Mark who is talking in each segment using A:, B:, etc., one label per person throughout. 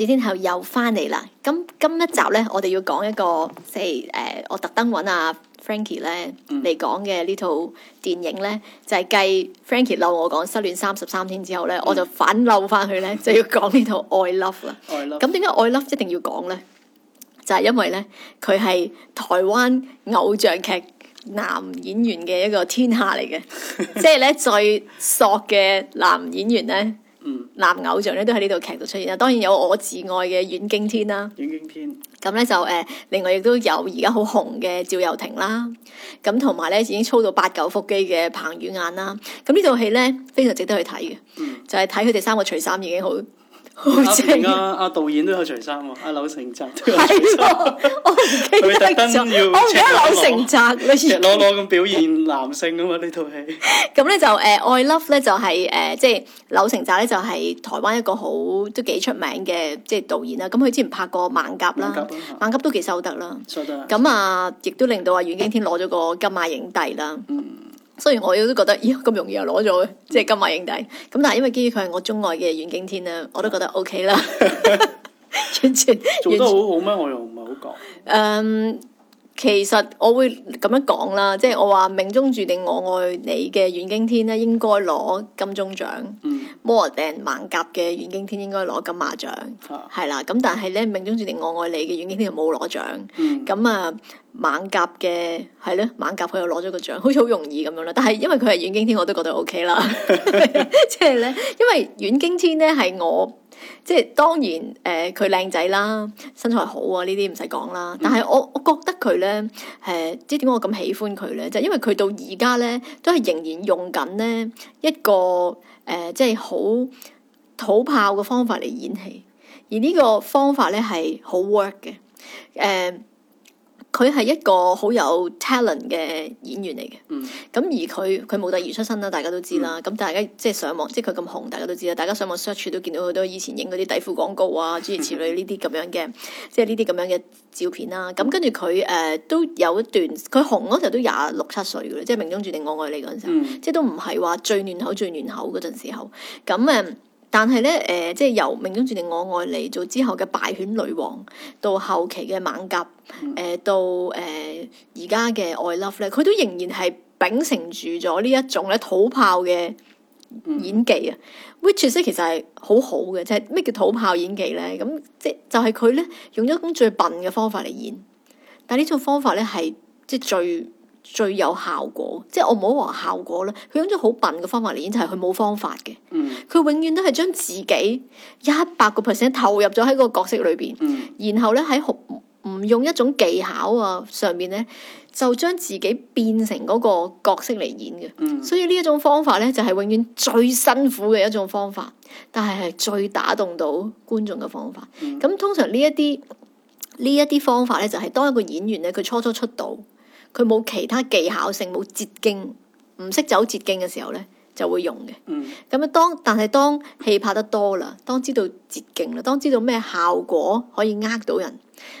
A: 幾天後又翻嚟啦，咁今，今一集呢，我哋要講一個即係誒，我特登揾阿、啊、Frankie 呢嚟講嘅呢套電影呢，嗯、就係繼 Frankie 撈我講失戀三十三天之後呢，嗯、我就反撈翻去呢， 就要講呢套《愛 Love》啦。咁點解《愛 Love》一定要講呢？就係、是、因為呢，佢係台灣偶像劇男演員嘅一個天下嚟嘅， 即係呢，最索嘅男演員呢。嗯、男偶像咧都喺呢套劇度出現啦，當然有我至愛嘅阮經天啦，阮經天咁咧就誒、呃，另外亦都有而家好紅嘅趙又廷啦，咁同埋咧已經操到八九腹肌嘅彭于晏啦，咁、啊、呢套戲咧非常值得去睇嘅，嗯、就係睇佢哋三個除衫已經好。好正啊！
B: 阿、啊、導演都有除
A: 衫
B: 喎，阿、啊、鈕承澤都有我唔記得咗， 我唔記得鈕承澤。赤裸裸咁表現，經現，現，現男性噶嘛呢套
C: 戲。
A: 咁咧就誒，I Love 咧就係誒，即係鈕承澤咧就係台灣一個好都幾出名嘅即係導演啦。咁佢之前拍過《艋舺》啦，《艋舺》都幾收得啦。收得。咁啊，亦都令到啊阮經天攞咗個金馬影帝啦、 嗯。嗯。雖然我亦都覺得，咦，咁容易又攞咗，即係金馬影帝。咁但係因為基於佢係我鍾愛嘅阮經天呀，我都覺得 O K 啦。 完全，完全做得好好
B: 咩？我又唔係好講。
A: 嗯。Um, 其實我會咁樣講啦，即、就、係、是、我話命中注定我愛你嘅阮經天咧，應該攞金鐘獎；摩亞頂艋舺嘅阮經天應該攞金馬獎，係啦、啊。咁但係咧，命中注定我愛你嘅阮經天就冇攞獎。咁、嗯、啊，艋舺嘅係咧，艋舺佢又攞咗個獎，好似好容易咁樣啦。但係因為佢係阮經天，我都覺得 O K 啦。即係咧，因為阮經天咧係我。即係當然，誒佢靚仔啦，身材好啊，呢啲唔使講啦。嗯、但係我我覺得佢咧，誒即係點解我咁喜歡佢咧？就係、因為佢到而家咧，都係仍然用緊咧一個誒、呃，即係好土炮嘅方法嚟演戲，而呢個方法咧係好 work 嘅，誒、呃。佢係一個好有 talent 嘅演員嚟嘅，咁、嗯、而佢佢冇第二出身啦，大家都知啦。咁、嗯、大家即係上網，即係佢咁紅，大家都知啦。大家上網 search 都見到好多以前影嗰啲底褲廣告啊，諸如此類呢啲咁樣嘅，即係呢啲咁樣嘅照片啦、啊。咁、嗯、跟住佢誒，都有一段佢紅嗰時候都廿六七歲嘅啦，即係命中注定我愛你嗰陣時候，嗯、即係都唔係話最嫩口最嫩口嗰陣時候，咁誒。嗯但係咧，誒、呃，即係由命中注定我愛你嚟做之後嘅敗犬女王，到後期嘅猛甲，誒、呃，到誒而家嘅愛 Love 咧，佢都仍然係秉承住咗呢一種咧土炮嘅演技啊。嗯、which is 其實係好好嘅，即係咩叫土炮演技咧？咁即就係佢咧用咗一種最笨嘅方法嚟演，但呢種方法咧係即最。最有效果，即係我唔好話效果啦。佢用咗好笨嘅方法嚟演，就係佢冇方法嘅。佢、嗯、永遠都係將自己一百個 percent 投入咗喺個角色裏邊。嗯、然後咧喺唔用一種技巧啊上面咧，就將自己變成嗰個角色嚟演嘅。嗯、所以呢一種方法咧，就係永遠最辛苦嘅一種方法，但係係最打動到觀眾嘅方法。咁、嗯、通常呢一啲呢一啲方法咧，就係當一個演員咧，佢初初出道。佢冇其他技巧性，冇捷徑，唔識走捷徑嘅時候呢，就會用嘅。咁啊、嗯，但當但係當戲拍得多啦，當知道捷徑啦，當知道咩效果可以呃到人，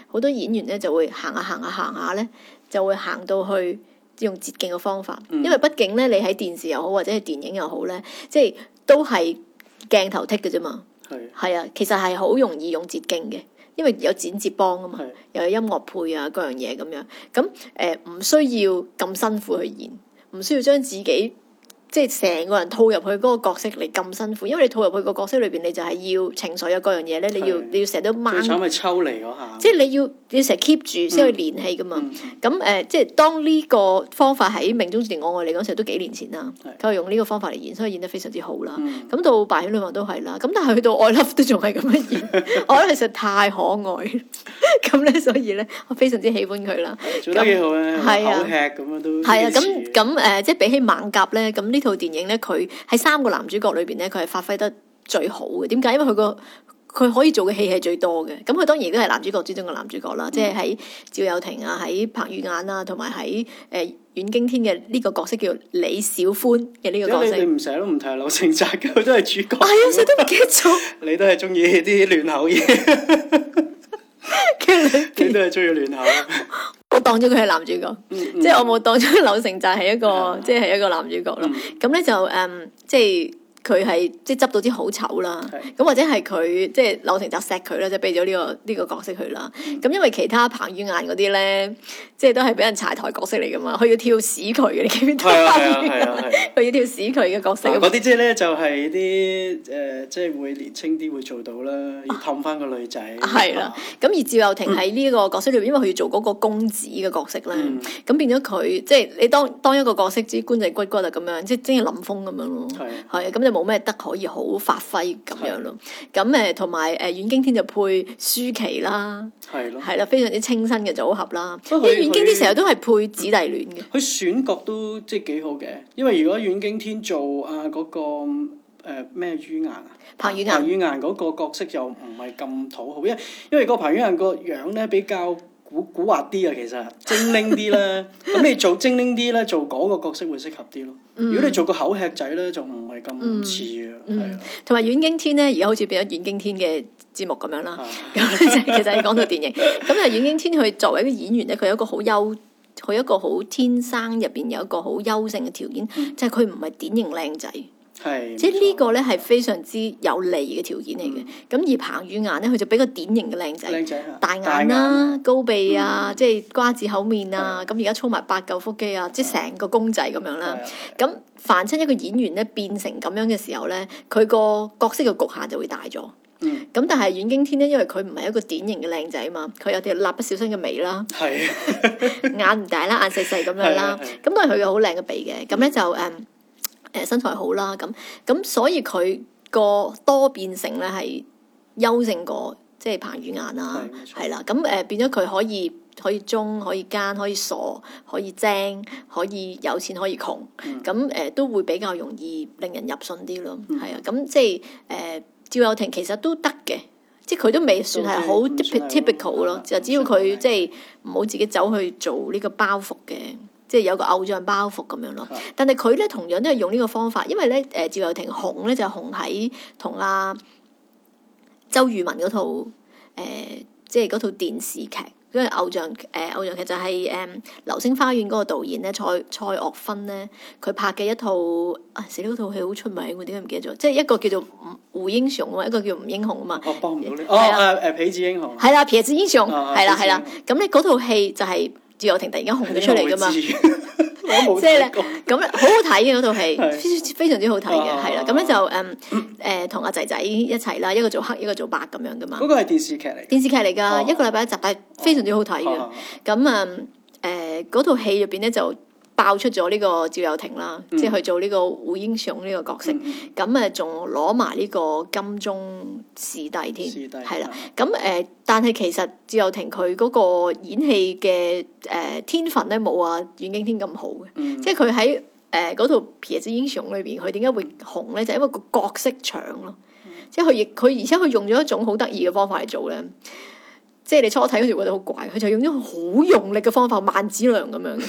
A: 好多演員呢就會行下、啊、行下、啊、行下、啊、呢，就會行到去用捷徑嘅方法。嗯、因為畢竟呢，你喺電視又好或者係電影又好呢，即係都係鏡頭剔嘅啫嘛。係啊，係嘅，其實係好容易用捷徑嘅。因為有剪接幫啊嘛，又的有音樂配啊，各樣嘢咁樣。咁誒，唔需要咁辛苦去演，唔需要將自己。即係成個人套入去嗰個角色嚟咁辛苦，因為你套入去個角色裏邊，你就係要情緒有各樣嘢咧，你要你要成日都掹，最
B: 抽離下。即係你
A: 要要成日 keep 住先去練戲噶嘛。咁誒，即係當呢個方法喺命中注定我愛你嗰時，都幾年前啦。佢用呢個方法嚟演，所以演得非常之好啦。咁、嗯、到白雪女王都係啦。咁但係去到愛 Love 都仲係咁樣演，我覺得其實太可愛。咁咧， 所以咧，我非常之喜歡佢啦。做那啊！好咁樣
B: 都。
A: 係啊，咁咁誒，即係比起艋舺咧，咁呢？ 呢套電影咧，佢喺三個男主角裏邊咧，佢係發揮得最好嘅。點解？因為佢個佢可以做嘅戲係最多嘅。咁佢當然都係男主角之中嘅男主角啦。嗯、即係喺趙又廷啊，喺彭于晏啊，同埋喺誒阮經天嘅呢個角色叫李小寬嘅呢個角色。你
B: 唔成日都唔提劉成澤嘅，佢都係主角。係 啊，成日都唔記得咗。 你都係中意啲亂口嘢。其實你你都係中意亂口。
A: 我當咗佢係男主角，mm hmm. 即係我冇當咗鈕承澤，就係一個，mm hmm. 即係一個男主角咯。咁咧、mm hmm. 就誒，um, 即係。佢係即係執到啲好醜啦，咁或者係佢即係柳婷就錫佢啦，即係俾咗呢個呢個角色佢啦。咁因為其他彭于晏嗰啲咧，即係都係俾人柴台角色嚟噶嘛，佢要跳屎渠嘅，你記唔記得？佢要跳屎渠嘅角色。嗰啲即
B: 係咧就係啲誒，即係會年青啲會做到啦，要氹翻個女仔。係啦，
A: 咁而趙又廷喺呢個角色裏邊，因為佢要做嗰個公子嘅角色咧，咁變咗佢即係你當當一個角色之官仔骨骨啊咁樣，即係真係林峰咁樣咯。係，係咁冇咩得可以好發揮咁樣咯，咁誒同埋誒阮經天就配舒淇啦，係
C: 咯
A: 的，係啦，非常之清新嘅組合啦。即係阮經天成日都係配姊弟戀
B: 嘅。佢選角都即係幾好嘅，因為如果阮經天做啊嗰個誒咩于晏啊，那個呃、于晏彭于云晏，彭于晏嗰個角色就唔係咁討好，因為因為個彭于晏個樣咧比較。古古惑啲啊，其實精靈啲咧，咁 你做精靈啲咧，做嗰個角色會適合啲咯。嗯、
A: 如果你
B: 做個口吃仔咧，就唔係咁似啊。嗯，
A: 同埋阮經天咧，而家好似變咗阮經天嘅節目咁樣啦。咁、啊、 其實你講到電影，咁啊阮經天佢作為個演員咧，佢有一個好優，佢一個好天生入邊有一個好優勝嘅條件，嗯、就係佢唔係典型靚仔。即係呢個咧係非常之有利嘅條件嚟嘅。咁而彭于晏咧，佢就比較典型嘅靚仔，大眼啦、高鼻啊，即係瓜子口面啊。咁而家操埋八嚿腹肌啊，即係成個公仔咁樣啦。咁凡親一個演員咧，變成咁樣嘅時候咧，佢個角色嘅局限就會大咗。咁但係阮經天咧，因為佢唔係一個典型嘅靚仔啊嘛，佢有啲蠟筆小新嘅眉啦，眼唔大啦，眼細細咁樣啦。咁當然佢有好靚嘅鼻嘅。咁咧就誒。誒身材好啦，咁咁所以佢個多變性咧係優勝過即係彭于晏啦、啊，係啦對。咁誒、呃、變咗佢可以可以，忠，可以奸，可以傻，可以精，可以有錢，可以窮，咁誒、嗯呃、都會比較容易令人入信啲咯。係啊、嗯，咁即係誒、呃、趙又廷其實都得嘅，即係佢都未算係好 typical 咯，就只要佢、嗯嗯、即係唔好自己走去做呢個包袱嘅。即係有個偶像包袱咁樣咯，但係佢咧同樣都係用呢個方法，因為咧誒趙又廷紅咧就紅喺同阿周渝文嗰套誒，即係嗰套電視劇，因為偶像誒偶像劇就係誒《流星花園》嗰個導演咧蔡蔡岳勳咧，佢拍嘅一套啊死咗套戲好出名，我點解唔記得咗？即係一個叫做吳英雄啊嘛，一個叫吳英雄啊嘛，我幫唔到你。哦哦哦，痞子英雄，係啦，痞子英雄，係啦係啦。咁咧嗰套戲就係。朱亞婷突然間紅咗出嚟噶嘛，即係咧咁，好好睇嘅嗰套戲，的非常之好睇嘅，係啦、啊，咁咧就誒誒同阿仔仔一齊啦，一個做黑，一個做白咁樣噶嘛。嗰個係
B: 電視劇嚟，電
A: 視劇嚟噶，啊、一個禮拜一集，但係、啊、非常之好睇嘅。咁啊誒嗰套戲入邊咧就。爆出咗呢個趙又廷啦，嗯、即係去做呢、這個胡英雄呢個角色，咁啊仲攞埋呢個金鐘視帝添，係啦。咁誒、呃，但係其實趙又廷佢嗰個演戲嘅誒天分咧，冇啊阮經天咁好嘅，嗯、即係佢喺誒嗰套痞子英雄裏邊，佢點解會紅咧？就係、因為個角色搶咯、嗯，即係佢亦佢而且佢用咗一種好得意嘅方法嚟做咧，即係你初睇嗰時覺得好怪，佢就用咗好用力嘅方法，萬梓良咁樣。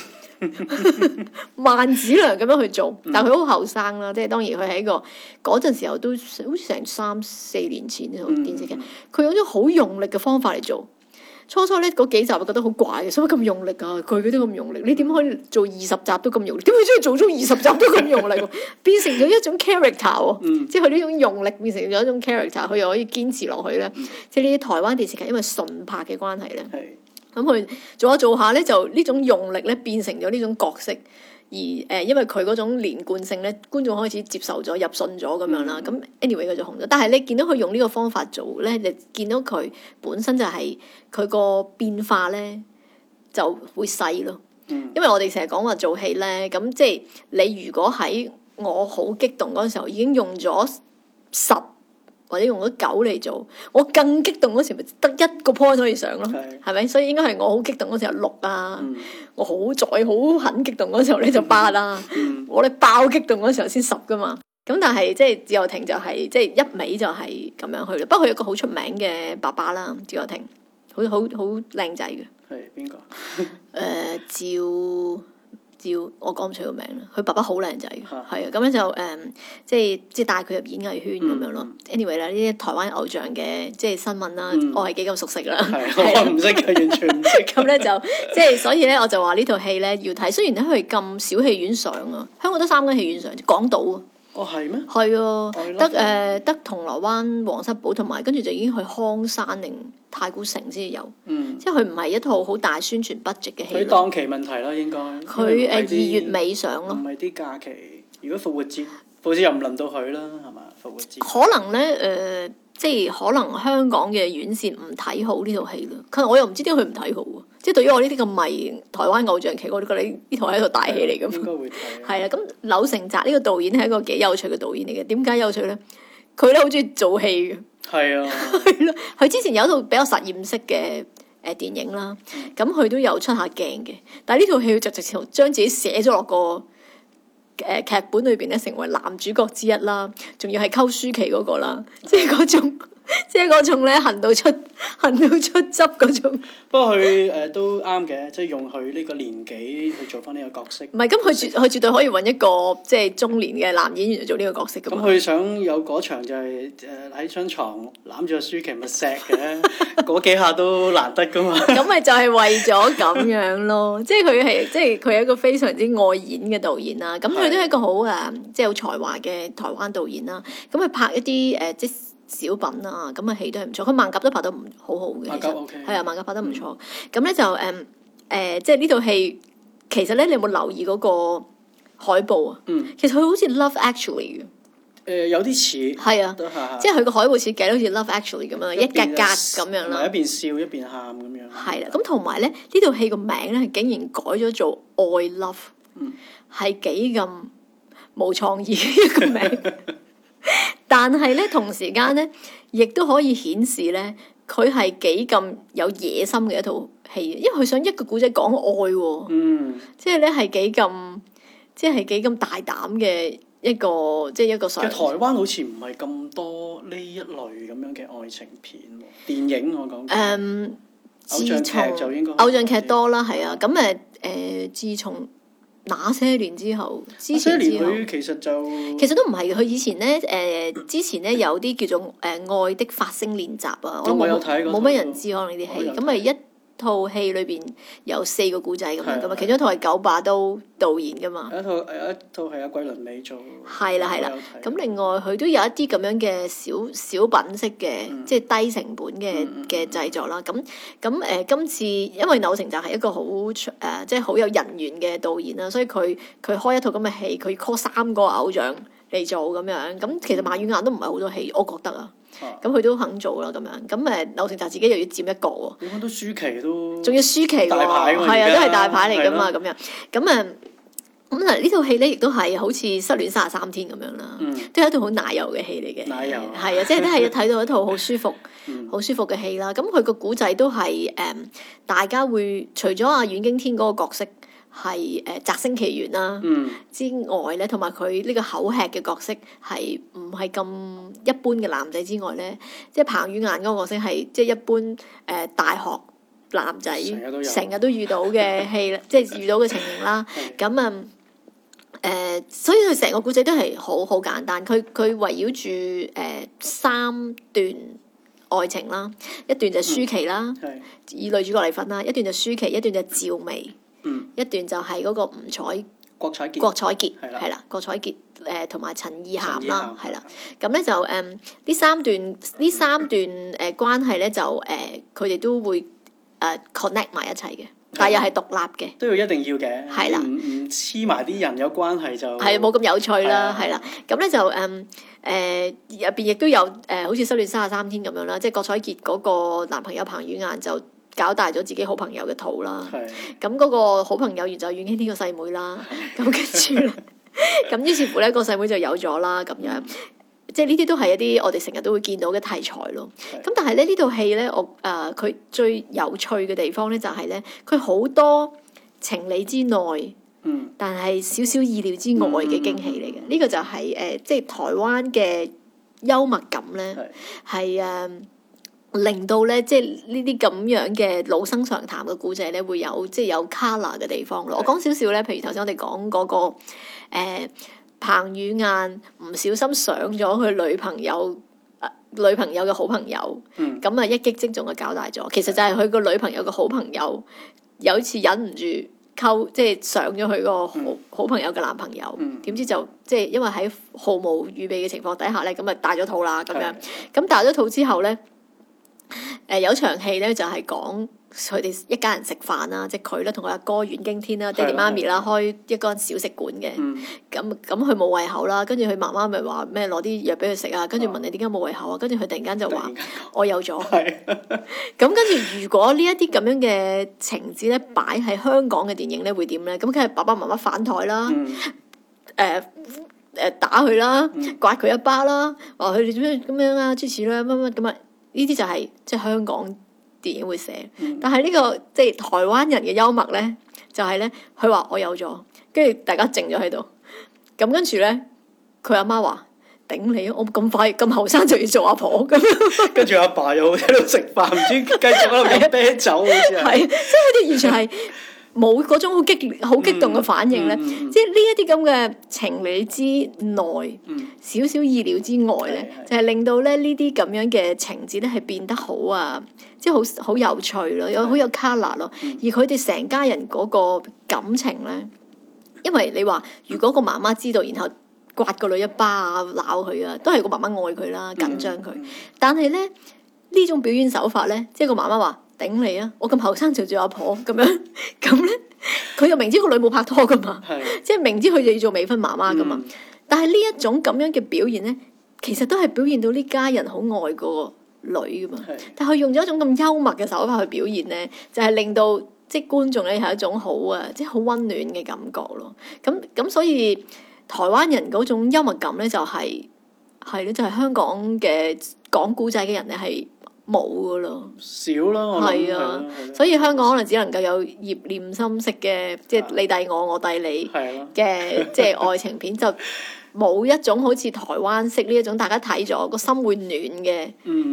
A: 萬梓良咁樣去做，但係佢好後生啦，即係當然佢喺一個嗰陣時候都好似成三四年前呢嘅電視劇，佢、嗯、用咗好用力嘅方法嚟做。初初咧嗰幾集我覺得好怪嘅，做乜咁用力啊？佢嗰啲咁用力，你點可以做二十集都咁用力？點會中意做足二十集都咁用力？用力 變成咗一種 character，、嗯、即係佢呢種用力變成咗一種 character，佢、嗯、又可以堅持落去咧。即係呢啲台灣電視劇因為純拍嘅關係咧。咁佢做一做一下咧，就呢種用力咧變成咗呢種角色，而誒、呃，因為佢嗰種連貫性咧，觀眾開始接受咗、入信咗咁、mm hmm. 樣啦。咁 anyway 佢就紅咗，但係你見到佢用呢個方法做咧，你見到佢本身就係佢個變化咧就會細咯。Mm hmm. 因為我哋成日講話做戲咧，咁即係你如果喺我好激動嗰陣時候已經用咗十，或者用咗九嚟做，我更激動嗰時咪得一個 point 可以上咯，係咪 Okay.？所以應該係我好激動嗰時候六啊，我好在好肯激動嗰時候咧、啊 mm. 就八啦、啊，mm. Mm. 我哋爆激動嗰時候先十㗎嘛。咁但係即係趙又廷就係、是、即係一味就係咁樣去啦。不過佢有個好出名嘅爸爸啦，趙又廷，好好好靚仔嘅。係邊個？誒 趙、呃。照我講唔出個名啦，佢爸爸好靚仔，係啊，咁樣就誒、嗯，即係即係帶佢入演藝圈咁樣咯。anyway 啦、嗯，呢啲台灣偶像嘅即係新聞啦，嗯、我係幾咁熟悉啦，嗯、的我唔識佢完全咁咧 就即係所以咧，我就話呢套戲咧要睇，雖然咧佢係咁小戲院上啊，香港都三間戲院上，就是、港島啊。哦，係咩？係哦的，love 得誒、呃，得銅鑼灣、黃室堡同埋，跟住就已經去康山定太古城先至有。嗯，即係佢唔係一套好大宣傳 budget 嘅戲。佢檔
B: 期問題啦，應該。佢誒它二月尾
A: 上咯。唔係啲假期，
B: 如果復活節，復活節又唔輪到佢啦，係咪？復活節。可
A: 能咧，誒、呃。即係可能香港嘅院線唔睇好呢套戲嘅，佢我又唔知點解佢唔睇好，即係對於我呢啲咁迷台灣偶像劇，我都覺得呢套係一套大戲嚟嘅，係、 嗯、啊。咁、嗯、柳成宰呢個導演係一個幾有趣嘅導演嚟嘅，點解有趣呢？佢咧好中意做戲嘅，係啊、嗯。佢 之前有一套比較實驗式嘅誒電影啦，咁佢都有出下鏡嘅，但係呢套戲就直接將自己寫咗落個。誒劇本裏邊咧，成為男主角之一啦，仲要係溝舒淇嗰個啦，即係嗰種。 即係嗰種咧，行到出行到出汁嗰種。
B: 不過佢誒、呃、都啱嘅，即係用佢呢個年紀去做翻呢個角色。唔係， 咁佢絕佢絕對可以搵一
A: 個即係中年嘅男演員嚟做呢個角色噶嘛。咁佢
B: 想有嗰場就係誒喺張床攬住個舒淇咪錫嘅嗰幾下都難得噶嘛。
A: 咁咪 就係為咗咁樣咯，即係佢係即係佢一個非常之愛演嘅導演啦。咁佢都係一個好誒 即係有才華嘅台灣導演啦。咁佢拍一啲誒、呃、即。即小品啊，咁啊，戲都係唔錯。佢《艋舺》都拍得唔好好嘅，係啊，《艋舺》拍得唔錯。咁咧就誒誒，即係呢套戲，其實咧你有冇留意嗰個海報啊？嗯，其實佢好似《Love Actually》嘅，
B: 誒有啲似，係啊，即係佢個海
A: 報設計都好似《Love Actually》咁樣，一格格咁樣啦，一邊
B: 笑一邊喊咁樣。係啦，
A: 咁同埋咧呢套戲個名咧竟然改咗做《愛 Love》，係幾咁冇創意一個名。但係咧，同時間咧，亦都可以顯示咧，佢係幾咁有野心嘅一套戲，因為佢想一個故仔講愛喎，啊，即係咧係幾咁，即係幾咁大膽嘅一個，即係一個。其實台灣好
B: 似唔係咁多呢一類咁樣嘅愛情片電影，我講。誒、嗯，偶像劇就應該
A: 偶像劇多啦，係啊，咁誒誒，自從。那些年之後，之前之後，啊，其實就其實都唔係嘅，佢以前咧，誒、呃，之前咧有啲叫做誒愛的發聲練習啊， 我冇睇過冇乜人知，可能呢啲戲咁咪一。套戲裏邊有四個古仔咁樣噶嘛，的其中一套係九把刀
B: 導演噶嘛，有一套有一套
C: 係阿桂綸鎂做，係啦係
A: 啦。咁另外佢都有一啲咁樣嘅小小品式嘅，嗯、即係低成本嘅嘅、嗯、製作啦。咁咁誒，今次因為鈕承澤係一個好誒，即係好有人緣嘅導演啦，所以佢佢開一套咁嘅戲，佢 call 三個偶像嚟做咁樣。咁其實彭于晏都唔係好多戲，我覺得啊。咁佢都肯做啦，咁樣，咁誒鈕承澤自己又要佔一個喎，點解都舒淇都，仲要舒淇喎，係啊，啊啊都係大牌嚟噶嘛，咁是、啊、樣，咁、嗯、誒，咁嗱呢套戲咧，亦都係好似失戀三十三天咁樣啦，嗯、都係一套好奶油嘅戲嚟嘅，奶油、啊，係啊，即、就、係、是、都係睇到一套好舒服、好 舒服嘅戲啦。咁佢個古仔都係誒、嗯，大家會除咗阿阮經天嗰個角色。係誒《摘星奇緣》啦、呃，啊嗯、之外咧，同埋佢呢個口吃嘅角色係唔係咁一般嘅男仔之外咧，即係彭于晏嗰個角色係即係一般誒、呃、大學男仔成日都遇到嘅戲， 即係遇到嘅情形啦。咁 是啊誒、呃，所以佢成個故仔都係好好簡單，佢佢圍繞住誒、呃、三段愛情啦，一段就舒淇啦，嗯、以女主角嚟分啦，一段就舒淇，一段就趙薇。嗯，一段就係嗰個吳彩，郭彩傑，郭彩傑係啦，郭彩傑誒同埋陳意涵啦，係啦，咁咧就誒，呢三段呢三段誒關係咧就誒，佢哋都會誒 connect 埋一齊嘅，但又係獨立嘅，都要一定要嘅，唔唔黐埋啲人有關係就係冇咁有趣啦，係啦，咁咧就誒誒入邊亦都有誒，好似失戀三十三天咁樣啦，即係郭彩傑嗰個男朋友彭于晏就。搞大咗自己好朋友嘅肚啦，咁嗰的個好朋友完就怨天 呢個細妹啦，咁跟住，咁於是乎咧、呢個細妹，妹就有咗啦，咁樣，即係呢啲都係一啲我哋成日都會見到嘅題材咯。咁的但係咧呢套戲咧，我誒佢、呃、最有趣嘅地方咧就係、是、咧，佢好多情理之內，嗯、但係少少意料之外嘅驚喜嚟嘅。呢、嗯、個就係、是、誒、呃，即係台灣嘅幽默，默感咧，係誒是。是嗯令到咧，即係呢啲咁樣嘅老生常談嘅故仔咧，會有即係有 color 嘅地方咯。的我講少少咧，譬如頭先我哋講嗰個、欸、彭宇晏唔小心上咗佢女朋友，呃、女朋友嘅好朋友，咁啊、嗯、一擊即中啊搞大咗。其實就係佢個女朋友嘅好朋友有一次忍唔住溝，即係上咗佢個好、嗯、好朋友嘅男朋友，點、嗯、知就即係因為喺毫無預備嘅情況底下咧，咁啊大咗肚啦咁樣。咁大咗肚之後咧。誒、呃，有場戲咧就係講佢哋一家人食飯啦，即係佢咧同佢阿哥阮經天啦，爹哋媽咪啦開一間小食館嘅。咁咁佢冇胃口啦，跟住佢媽媽咪話咩攞啲藥俾佢食啊，跟住問你點解冇胃口啊？跟住佢突然間就話我有咗。咁跟住如果這這呢一啲咁樣嘅情節咧擺喺香港嘅電影咧會點咧？咁梗係爸爸媽媽反枱啦，誒誒、嗯呃呃、打佢啦，摑佢一巴啦，話佢哋點樣咁樣啊？諸此啦，乜乜咁啊？呢啲就係即係香港電影會寫，嗯、但係呢、呢個即係、就是、台灣人嘅幽默咧，就係咧佢話我有咗，跟住大家靜咗喺度，咁跟住咧佢阿媽話頂你，我咁快咁後生就要做阿婆，
C: 跟住
B: 阿爸，爸又喺度食飯，唔知，不知繼續喺度飲啤酒好似係，即係
A: 佢哋完全係。冇嗰種好激烈、好激動嘅反應咧，即係呢一啲咁嘅情理之內，少少意料之外咧，就係令到咧呢啲咁樣嘅情節咧係變得好啊，即係好好有趣咯，有好有卡 o l 咯，而佢哋成家人嗰個感情咧，因為你話如果個媽媽知道，然後刮個女一巴啊，咬佢啊，都係個媽媽愛佢啦，緊張佢，但係咧呢種表演手法咧，即係個媽媽話。頂你啊！我咁後生就做阿婆咁樣，咁咧佢又明知個女冇拍拖噶嘛，即係是的 明知佢就要做未婚媽媽噶嘛。嗯、但係呢一種咁樣嘅表現咧，其實都係表現到呢家人好愛個女噶嘛。是的 但係佢用咗一種咁幽默嘅手法去表現咧，就係、是、令到即係、就是、觀眾咧係一種好啊，即係好溫暖嘅感覺咯。咁咁所以台灣人嗰種幽默感咧、就是，就係係咧就係香港嘅講古仔嘅人咧係。冇㗎喇，少啦，我覺得、啊，所以香港可能只能夠有葉念心式嘅，的即係你遞我，我遞你嘅，的即係愛情片 就冇一種好似台灣式呢一種，大家睇咗個心會暖嘅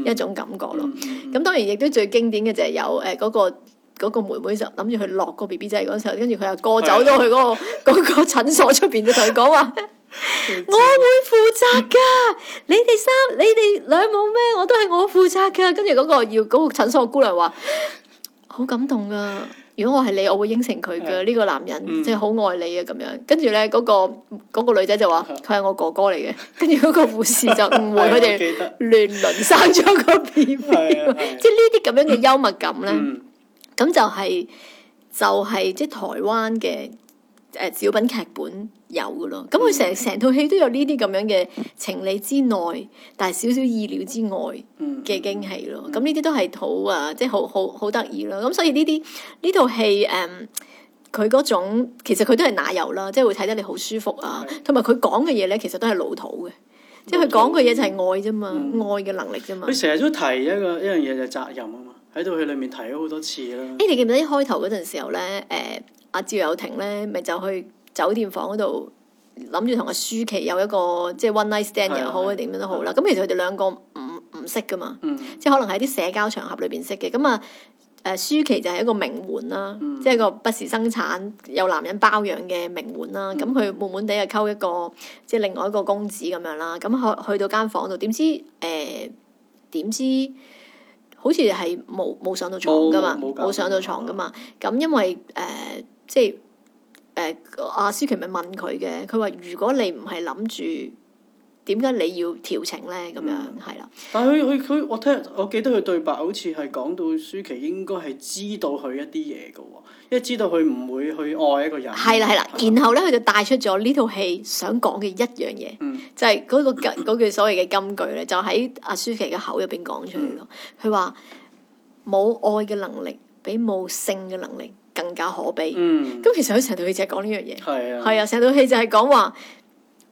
A: 一種感覺咯。咁、嗯、當然亦都最經典嘅就係有誒、那、嗰、個那個那個妹妹就諗住佢落個 B B 仔嗰陣時候，跟住佢又過走咗去嗰個嗰的診所出邊就同佢講話。我會負責噶，你哋三，你哋兩冇咩，我都係我負責噶。跟住嗰個要嗰，嗰個診所嘅姑娘話，好感動噶。如果我係你，我會應承佢嘅呢個男人，嗯，即係好愛你啊咁樣。跟住呢，嗰，嗰個，嗰個女仔就話佢係我哥哥嚟嘅。跟住嗰個護士就誤會佢哋亂倫生咗個 B B，即係呢啲咁樣嘅幽默感呢，咁，嗯嗯，就係，是，就係即係台灣嘅。誒、啊，小品劇本有嘅咯，咁佢成成套戲都有呢啲咁樣嘅情理之內，但係少少意料之外嘅驚喜咯。咁呢啲都係好啊，即係好好好得意咯。咁所以呢啲呢套戲，誒，佢嗰、嗯、種其實佢都係奶油啦，即係會睇得你好舒服啊。同埋佢講嘅嘢咧，其實都係老土嘅，即係佢講嘅嘢就係愛啫嘛，嗯、愛嘅能力啫嘛。佢
B: 成日都提一個一樣嘢就係責任。喺度去裏面睇咗好多次啦。誒，hey, 你記
A: 唔記得一開頭嗰陣時候咧？誒、uh,，阿趙又廷咧，咪就去酒店房嗰度諗住同阿舒淇有一個即係、就是、one night stand 又好定點樣、mm. 都好啦。咁、mm. 其實佢哋兩個唔唔識噶嘛，mm. 即係可能喺啲社交場合裏邊識嘅。咁啊，誒、uh,，舒淇就係一個名媛啦，mm. 即係個不時生產有男人包養嘅名媛啦。咁佢、mm. 嗯、悶悶地啊溝一個即係、就是、另外一個公子咁樣啦。咁去去到間房度，點知誒？點、呃、知？好似係冇冇上到床㗎嘛，冇上到床㗎嘛。咁、嗯、因為誒、呃，即係誒，阿舒淇咪問佢嘅，佢話如果你唔係諗住點解你要調情咧？咁樣係啦。嗯、的但係佢佢佢，我聽我
B: 記得佢對白好似係講到舒淇應該係知道佢一啲嘢嘅喎。一知道佢唔會去愛一個人，係啦
A: 係啦，然後咧佢就帶出咗呢套戲想講嘅一樣嘢，嗯，就係嗰個句所謂嘅金句咧，就喺阿舒淇嘅口入邊講出嚟咯。佢話冇愛嘅能力，比冇性嘅能力更加可悲。咁、嗯、其實佢成套戲就係講呢樣嘢，係啊的，係啊，成套戲就係講話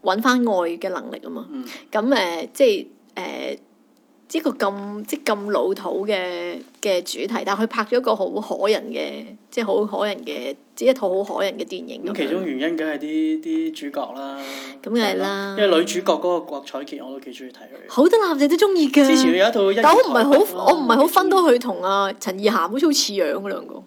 A: 搵翻愛嘅能力啊嘛。咁誒、嗯嗯呃，即係誒。呃呃一個咁即咁老土嘅嘅主題，但係佢拍咗一個好可人嘅，即係好可人嘅，即係一套好可人嘅電影。咁其中原因
B: 梗係啲啲主角啦，
A: 咁梗係啦，因
B: 為女主角嗰個郭采潔，我都幾中意睇，
A: 好多男仔都中意噶。之前有一套一九，但我唔係好，我唔係好分到佢同阿陳意涵好似好似樣兩個。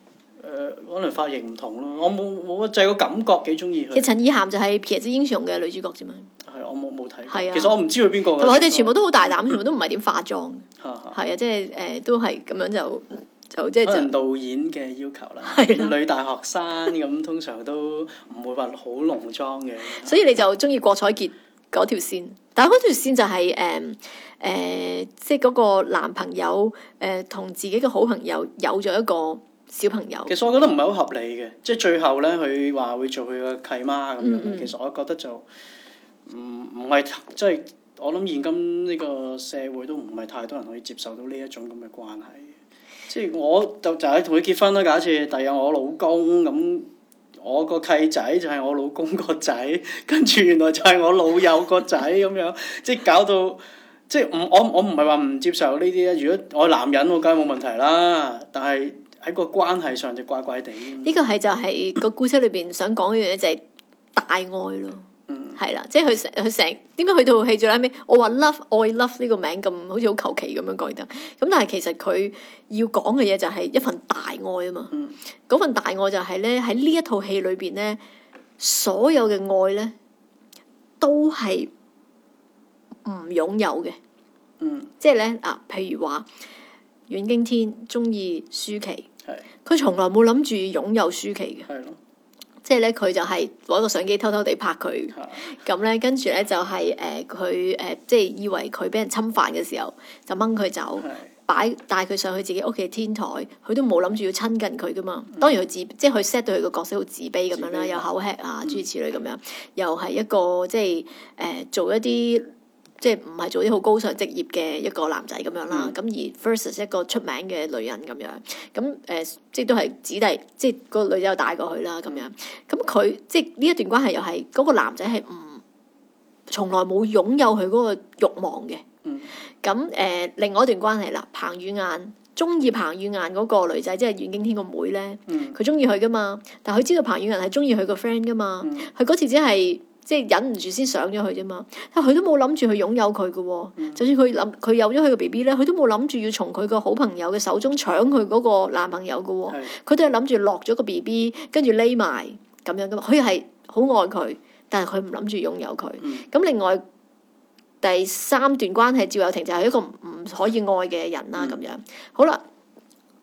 B: 誒、呃、可能髮型唔同咯，我冇冇啊，就係個感覺幾中意，即陳意
A: 涵就係《痞子英雄》嘅女主角啫嘛。係，我冇冇睇。係啊。的其實我唔
B: 知佢邊個，同埋佢哋全
A: 部都好大膽，嗯、全部都唔係點化妝。嚇係啊，即係誒，都係咁樣就就即係。可能
B: 導演嘅要求啦。係、嗯。的女大學生咁通常都唔會話好濃妝嘅。
A: 所以你就中意郭采潔嗰條線，但嗰條線就係誒誒，即係嗰個男朋友誒同、呃、自己嘅好朋友有咗一個。小朋友，其實
B: 我覺得唔係好合理嘅，即係最後呢，佢話會做佢個契媽咁樣。嗯嗯，其實我覺得就唔唔係即係我諗現今呢個社會都唔係太多人可以接受到呢一種咁嘅關係。即係我就就係同佢結婚啦，假設第日我老公咁，我個契仔就係我老公個仔，跟住原來就係我老友個仔咁 樣，即係搞到即係唔我我唔係話唔接受呢啲啊！如果我係男人我梗係冇問題啦，但係。喺個關係上就
A: 怪怪地。呢個係就係、是、 個故事裏邊想講嘅嘢就係大愛咯，嗯，係啦，即係佢成佢成點解佢套戲最拉尾我話 love 愛 love 呢、這個名咁好似好求其咁樣覺得咁，但係其實佢要講嘅嘢就係一份大愛啊嘛。嗰、嗯、份大愛就係咧喺呢一套戲裏邊咧，所有嘅愛咧都係唔擁有嘅，嗯，即係咧啊，譬如話阮經天中意舒淇。佢從來冇諗住擁有舒淇嘅，的即係咧佢就係攞個相機偷偷地拍佢，咁咧的跟住咧就係誒佢誒即係以為佢俾人侵犯嘅時候就掹佢走，擺帶佢上去自己屋企嘅天台，佢都冇諗住要親近佢噶嘛。當然佢自、嗯、即係佢 set 到佢個角色好自卑咁樣啦，又口吃啊諸如此類咁樣，嗯、又係一個即係誒、呃、做一啲。即係唔係做啲好高尚職業嘅一個男仔咁樣啦，咁、嗯、而 versus 一個出名嘅女人咁樣，咁誒、呃、即係都係子弟，即係個女仔又帶過去啦咁樣，咁佢即係呢一段關係又係嗰個男仔係唔從來冇擁有佢嗰個慾望嘅。咁誒、嗯呃、另外一段關係啦，彭于晏中意彭于晏嗰個女仔，即係阮經天個妹咧，佢中意佢噶嘛，但係佢知道彭于晏係中意佢個 friend 噶嘛，佢嗰、嗯、次只係。即係忍唔住先上咗佢啫嘛，佢都冇諗住去擁有佢嘅、哦，嗯、就算佢諗佢有咗佢個 B B 咧，佢都冇諗住要從佢個好朋友嘅手中搶佢嗰個男朋友嘅、哦，佢的都係諗住落咗個 B B，跟住匿埋咁樣噶嘛，佢係好愛佢，但係佢唔諗住擁有佢。咁、嗯、另外第三段關係，趙又廷就係一個唔可以愛嘅人啦，咁、嗯、樣好啦，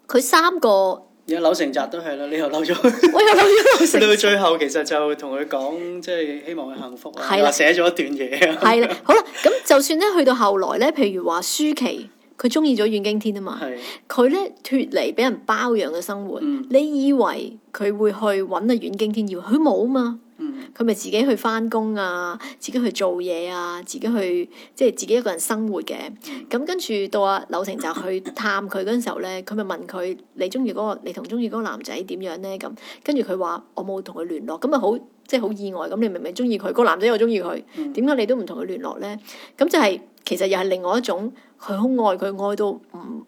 A: 佢三個。
B: 而家鈕承澤都係啦，
A: 你又嬲咗佢，我又嬲咗佢，
B: 到最後其實就同佢講，即、就、係、是、希望佢幸福啊，話的寫咗一段嘢啊。
C: 係
A: 啦的， 好啦，咁就算咧，去到後來咧，譬如話舒淇，佢中意咗阮經天啊嘛，佢咧脫離俾人包養嘅生活，嗯、你以為佢會去揾阿阮經天要？佢冇啊嘛。佢咪自己去翻工啊，自己去做嘢啊，自己去即係自己一個人生活嘅。咁跟住到阿柳晴就去探佢嗰陣時候咧，佢咪問佢，你中意嗰個你同中意嗰個男仔點樣咧？咁跟住佢話，我冇同佢聯絡，咁咪好即係好意外。咁你明明中意佢，嗰個男仔又中意佢，點解你都唔同佢聯絡咧？咁就係、是、其實又係另外一種，佢好愛佢，愛到唔。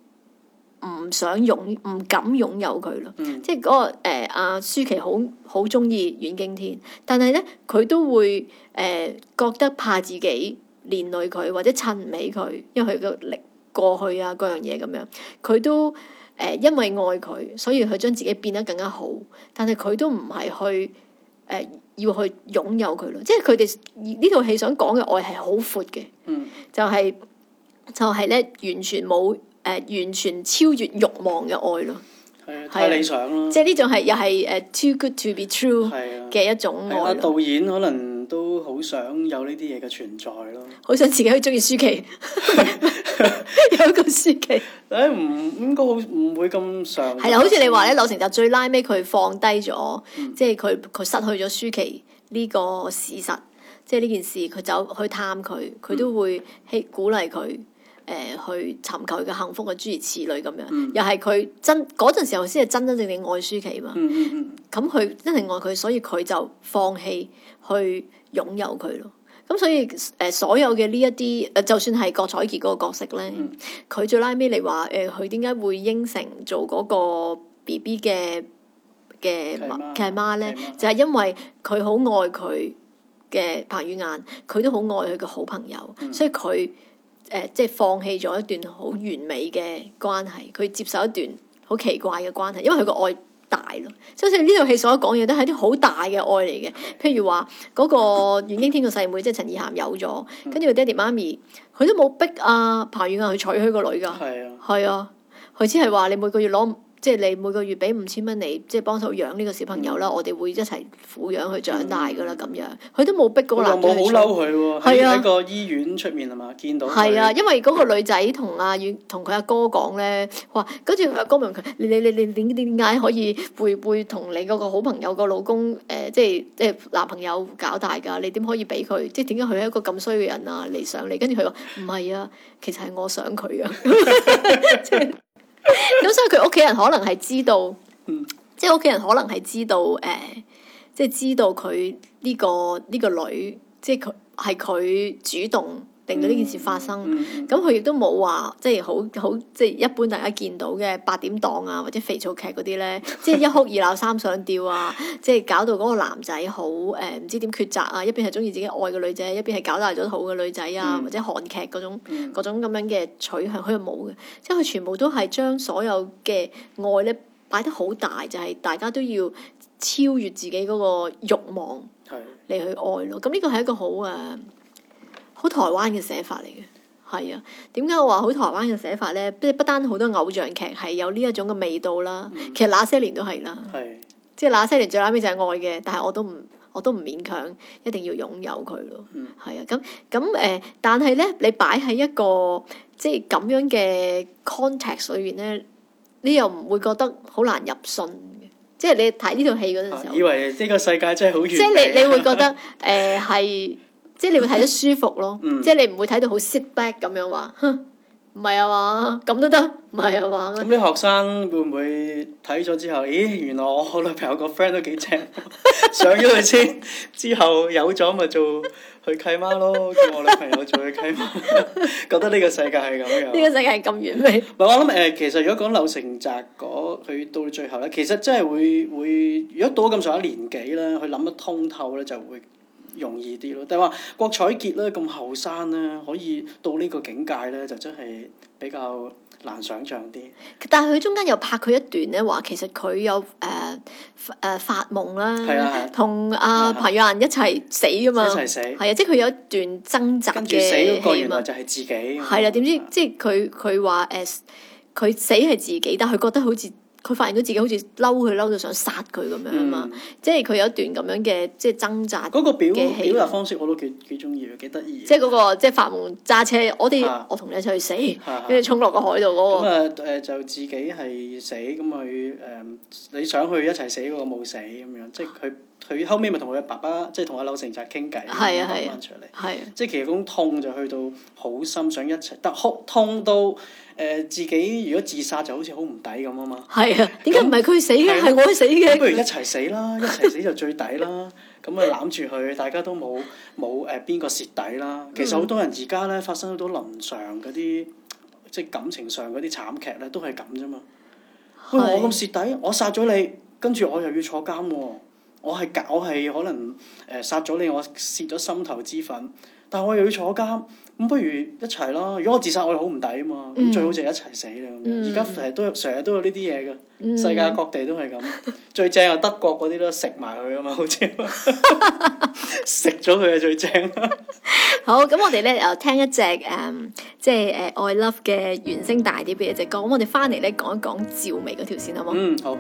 A: 唔想擁，唔敢擁有佢咯，嗯、即係嗰、那個誒阿、呃啊、舒淇好好中意阮經天，但係咧佢都會誒、呃、覺得怕自己連累佢或者襯唔起佢，因為佢嘅歷過去啊各樣嘢咁樣，佢都誒、呃、因為愛佢，所以佢將自己變得更加好，但係佢都唔係去誒、呃、要去擁有佢咯，即係佢哋呢套戲想講嘅愛係好闊嘅，就係就係咧完全冇。誒，完全超越欲望嘅愛咯，
C: 係啊，太理想啦。
A: 即係呢種係又係誒，too good to be true 嘅、啊、一種愛、啊、導
B: 演可能都好想有呢啲嘢嘅
A: 存在咯，好想自己去中意舒淇， 有一個舒淇。誒、欸，
B: 唔應該好，唔會咁上。係啦、啊，好似你話咧，鈕承
A: 澤最最、嗯、就最拉尾，佢放低咗，即係佢佢失去咗舒淇呢個事實，即係呢件事，佢走去探佢，佢都會去鼓勵佢。嗯誒、呃、去尋求佢嘅幸福嘅諸如此類咁樣，嗯、又係佢真嗰陣時候先係真真正正愛舒淇嘛。咁佢、嗯、真係愛佢，所以佢就放棄去擁有佢咯。咁所以誒、呃，所有嘅呢一啲誒，就算係郭采潔嗰個角色咧，佢、嗯、最拉尾嚟話誒，佢點解會應承做嗰個 B B 嘅嘅佢阿媽咧？就係因為佢好愛佢嘅彭于晏，佢都好愛佢嘅好朋友，嗯、所以佢。誒，即係放棄咗一段好完美嘅關係，佢接受一段好奇怪嘅關係，因為佢個愛大咯。即係呢套戲所講嘢都係啲好大嘅愛嚟嘅，譬如話嗰個阮經天個細妹即係陳意涵有咗，跟住佢爹哋媽咪，佢都冇逼啊彭于晏去娶佢個女噶，係啊，係啊，佢只係話你每個月攞。即係你每個月俾五千蚊你，即係幫手養呢個小朋友啦。嗯、我哋會一齊撫養佢長大噶啦，咁樣佢都冇逼過我，又冇好嬲佢喎。係啊，喺個
B: 醫院出面係嘛，見到係啊，因為
A: 嗰個女仔同阿遠同佢阿哥講咧，話跟住阿哥問佢：你你你你點點點解可以會會同你嗰個好朋友個老公誒、呃，即係即係男朋友搞大㗎？你點可以俾佢？即係點解佢係一個咁衰嘅人啊？嚟上嚟，跟住佢話唔係啊，其實係我想佢啊。 咁 所以佢屋企人可能係知道，嗯、即係屋企人可能係知道，誒、呃，即、就、係、是、知道佢呢、呢個呢、呢個女，即係佢係佢主動。令到呢件事發生，咁佢亦都冇話即係好好即係一般大家見到嘅八點檔啊，或者肥皂劇嗰啲呢，即、就、係、是、一哭二鬧三上吊啊，即係 搞到嗰個男仔好誒，唔、嗯、知點抉擇啊，一邊係中意自己愛嘅女仔，一邊係搞大咗肚嘅女仔啊，或者韓劇嗰種嗰、嗯、種咁樣嘅取向，佢又冇嘅，即係佢全部都係將所有嘅愛呢擺得好大，就係、是、大家都要超越自己嗰個慾望嚟去愛咯。咁呢個係一個好誒。好台灣嘅寫法嚟嘅，係啊。點解我話好台灣嘅寫法呢？即係不單好多偶像劇係有呢一種嘅味道啦，嗯、其實那些年都係啦。係的，即係那些年最拉尾就係愛嘅，但係我都唔，我都唔勉強一定要擁有佢咯。嗯，係啊。咁咁誒，但係呢，你擺喺一個即係咁樣嘅 context 裏邊呢，你又唔會覺得好難入信嘅。即係你睇呢套戲嗰陣時候，啊，
B: 以為呢個世界真係好遠。即係你，你，你會覺得
A: 誒係。呃 即係你會睇得舒服咯，嗯、即係你唔會睇到好 sit back 咁樣話，唔係啊嘛，咁都得，唔係啊嘛。咁
B: 啲、嗯、學生會唔會睇咗之後，咦？原來我女朋友個 friend 都幾正， 上咗去先，之後有咗咪做佢契媽咯，叫我女朋友做佢契媽， 覺得呢個世界係咁樣。呢個
A: 世界係咁完
B: 美。唔係 我諗誒、呃，其實如果講鈕承澤嗰佢到最後咧，其實真係會會，如果到咗咁上下年紀咧，佢諗得通透咧，就會。容易啲咯，但係話郭采潔咧咁後生咧，可以到呢個境界咧，就真係比較難想象
C: 啲。但
A: 係佢中間又拍佢一段咧，話其實佢有誒誒、呃發,呃、發夢啦、啊，同阿彭于晏一齊死㗎嘛，一齊死，係啊，即係佢有一段掙扎嘅，佢死嗰個原來
B: 就係自己，係啊，
A: 點知即係佢佢話誒佢死係自己，但係佢覺得好似。佢發現到自己好似嬲，佢嬲到想殺佢咁樣啊嘛！即係佢有一段咁樣嘅即係掙扎嘅表表達方
B: 式，我都幾幾中意啊，幾得意！即
A: 係嗰個即係發夢揸車，我哋我同你一齊去死，跟住衝落個海度嗰個。
B: 咁啊誒，就自己係死咁去誒，你想去一齊死嗰個冇死咁樣，即係佢佢後尾咪同佢嘅爸爸，即係同阿鈕承澤傾偈，咁樣講翻出嚟。係，即係其實嗰種痛就去到好深想一齊，但哭痛到。呃、自己如果自殺就好似好唔抵咁啊嘛，
A: 係啊，點解唔係佢死嘅係、啊、我死嘅？不如一
B: 齊死啦， 一齊死就最抵啦。咁啊攬住佢，大家都冇冇誒邊個蝕底啦。其實好多人而家呢發生好多臨場嗰啲，即係感情上嗰啲慘劇呢，都係咁啫嘛。啊、喂，我咁蝕底，我殺咗你，跟住我又要坐監喎。我係搞我係可能誒殺咗你，我洩咗心頭之憤。但係我又要坐監，咁不如一齊咯！如果我自殺，我就好唔抵啊嘛！咁、嗯、最好就一齊死啦咁樣。而家成日都有，成日都有呢啲嘢嘅，世界各地都係咁。 最正就德國嗰啲都食埋佢啊嘛，好似食咗佢就最正。
A: 好，咁我哋咧又聽一隻誒，um, 即係誒，I Love 嘅原聲大碟嘅一隻歌。咁我哋翻嚟咧講一講趙薇嗰條線好冇？嗯，
C: 好。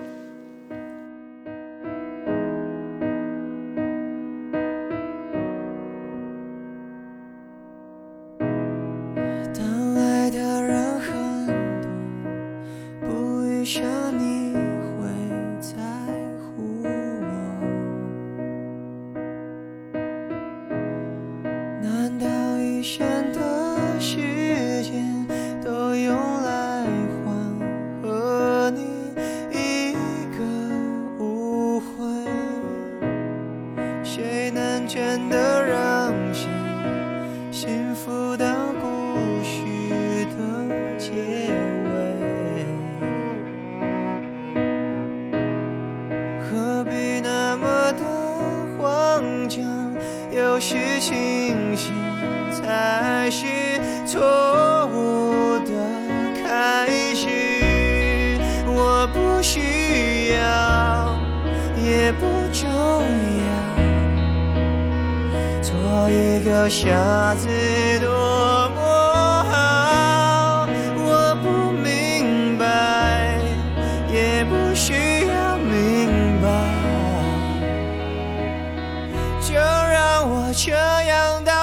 D: 這樣的。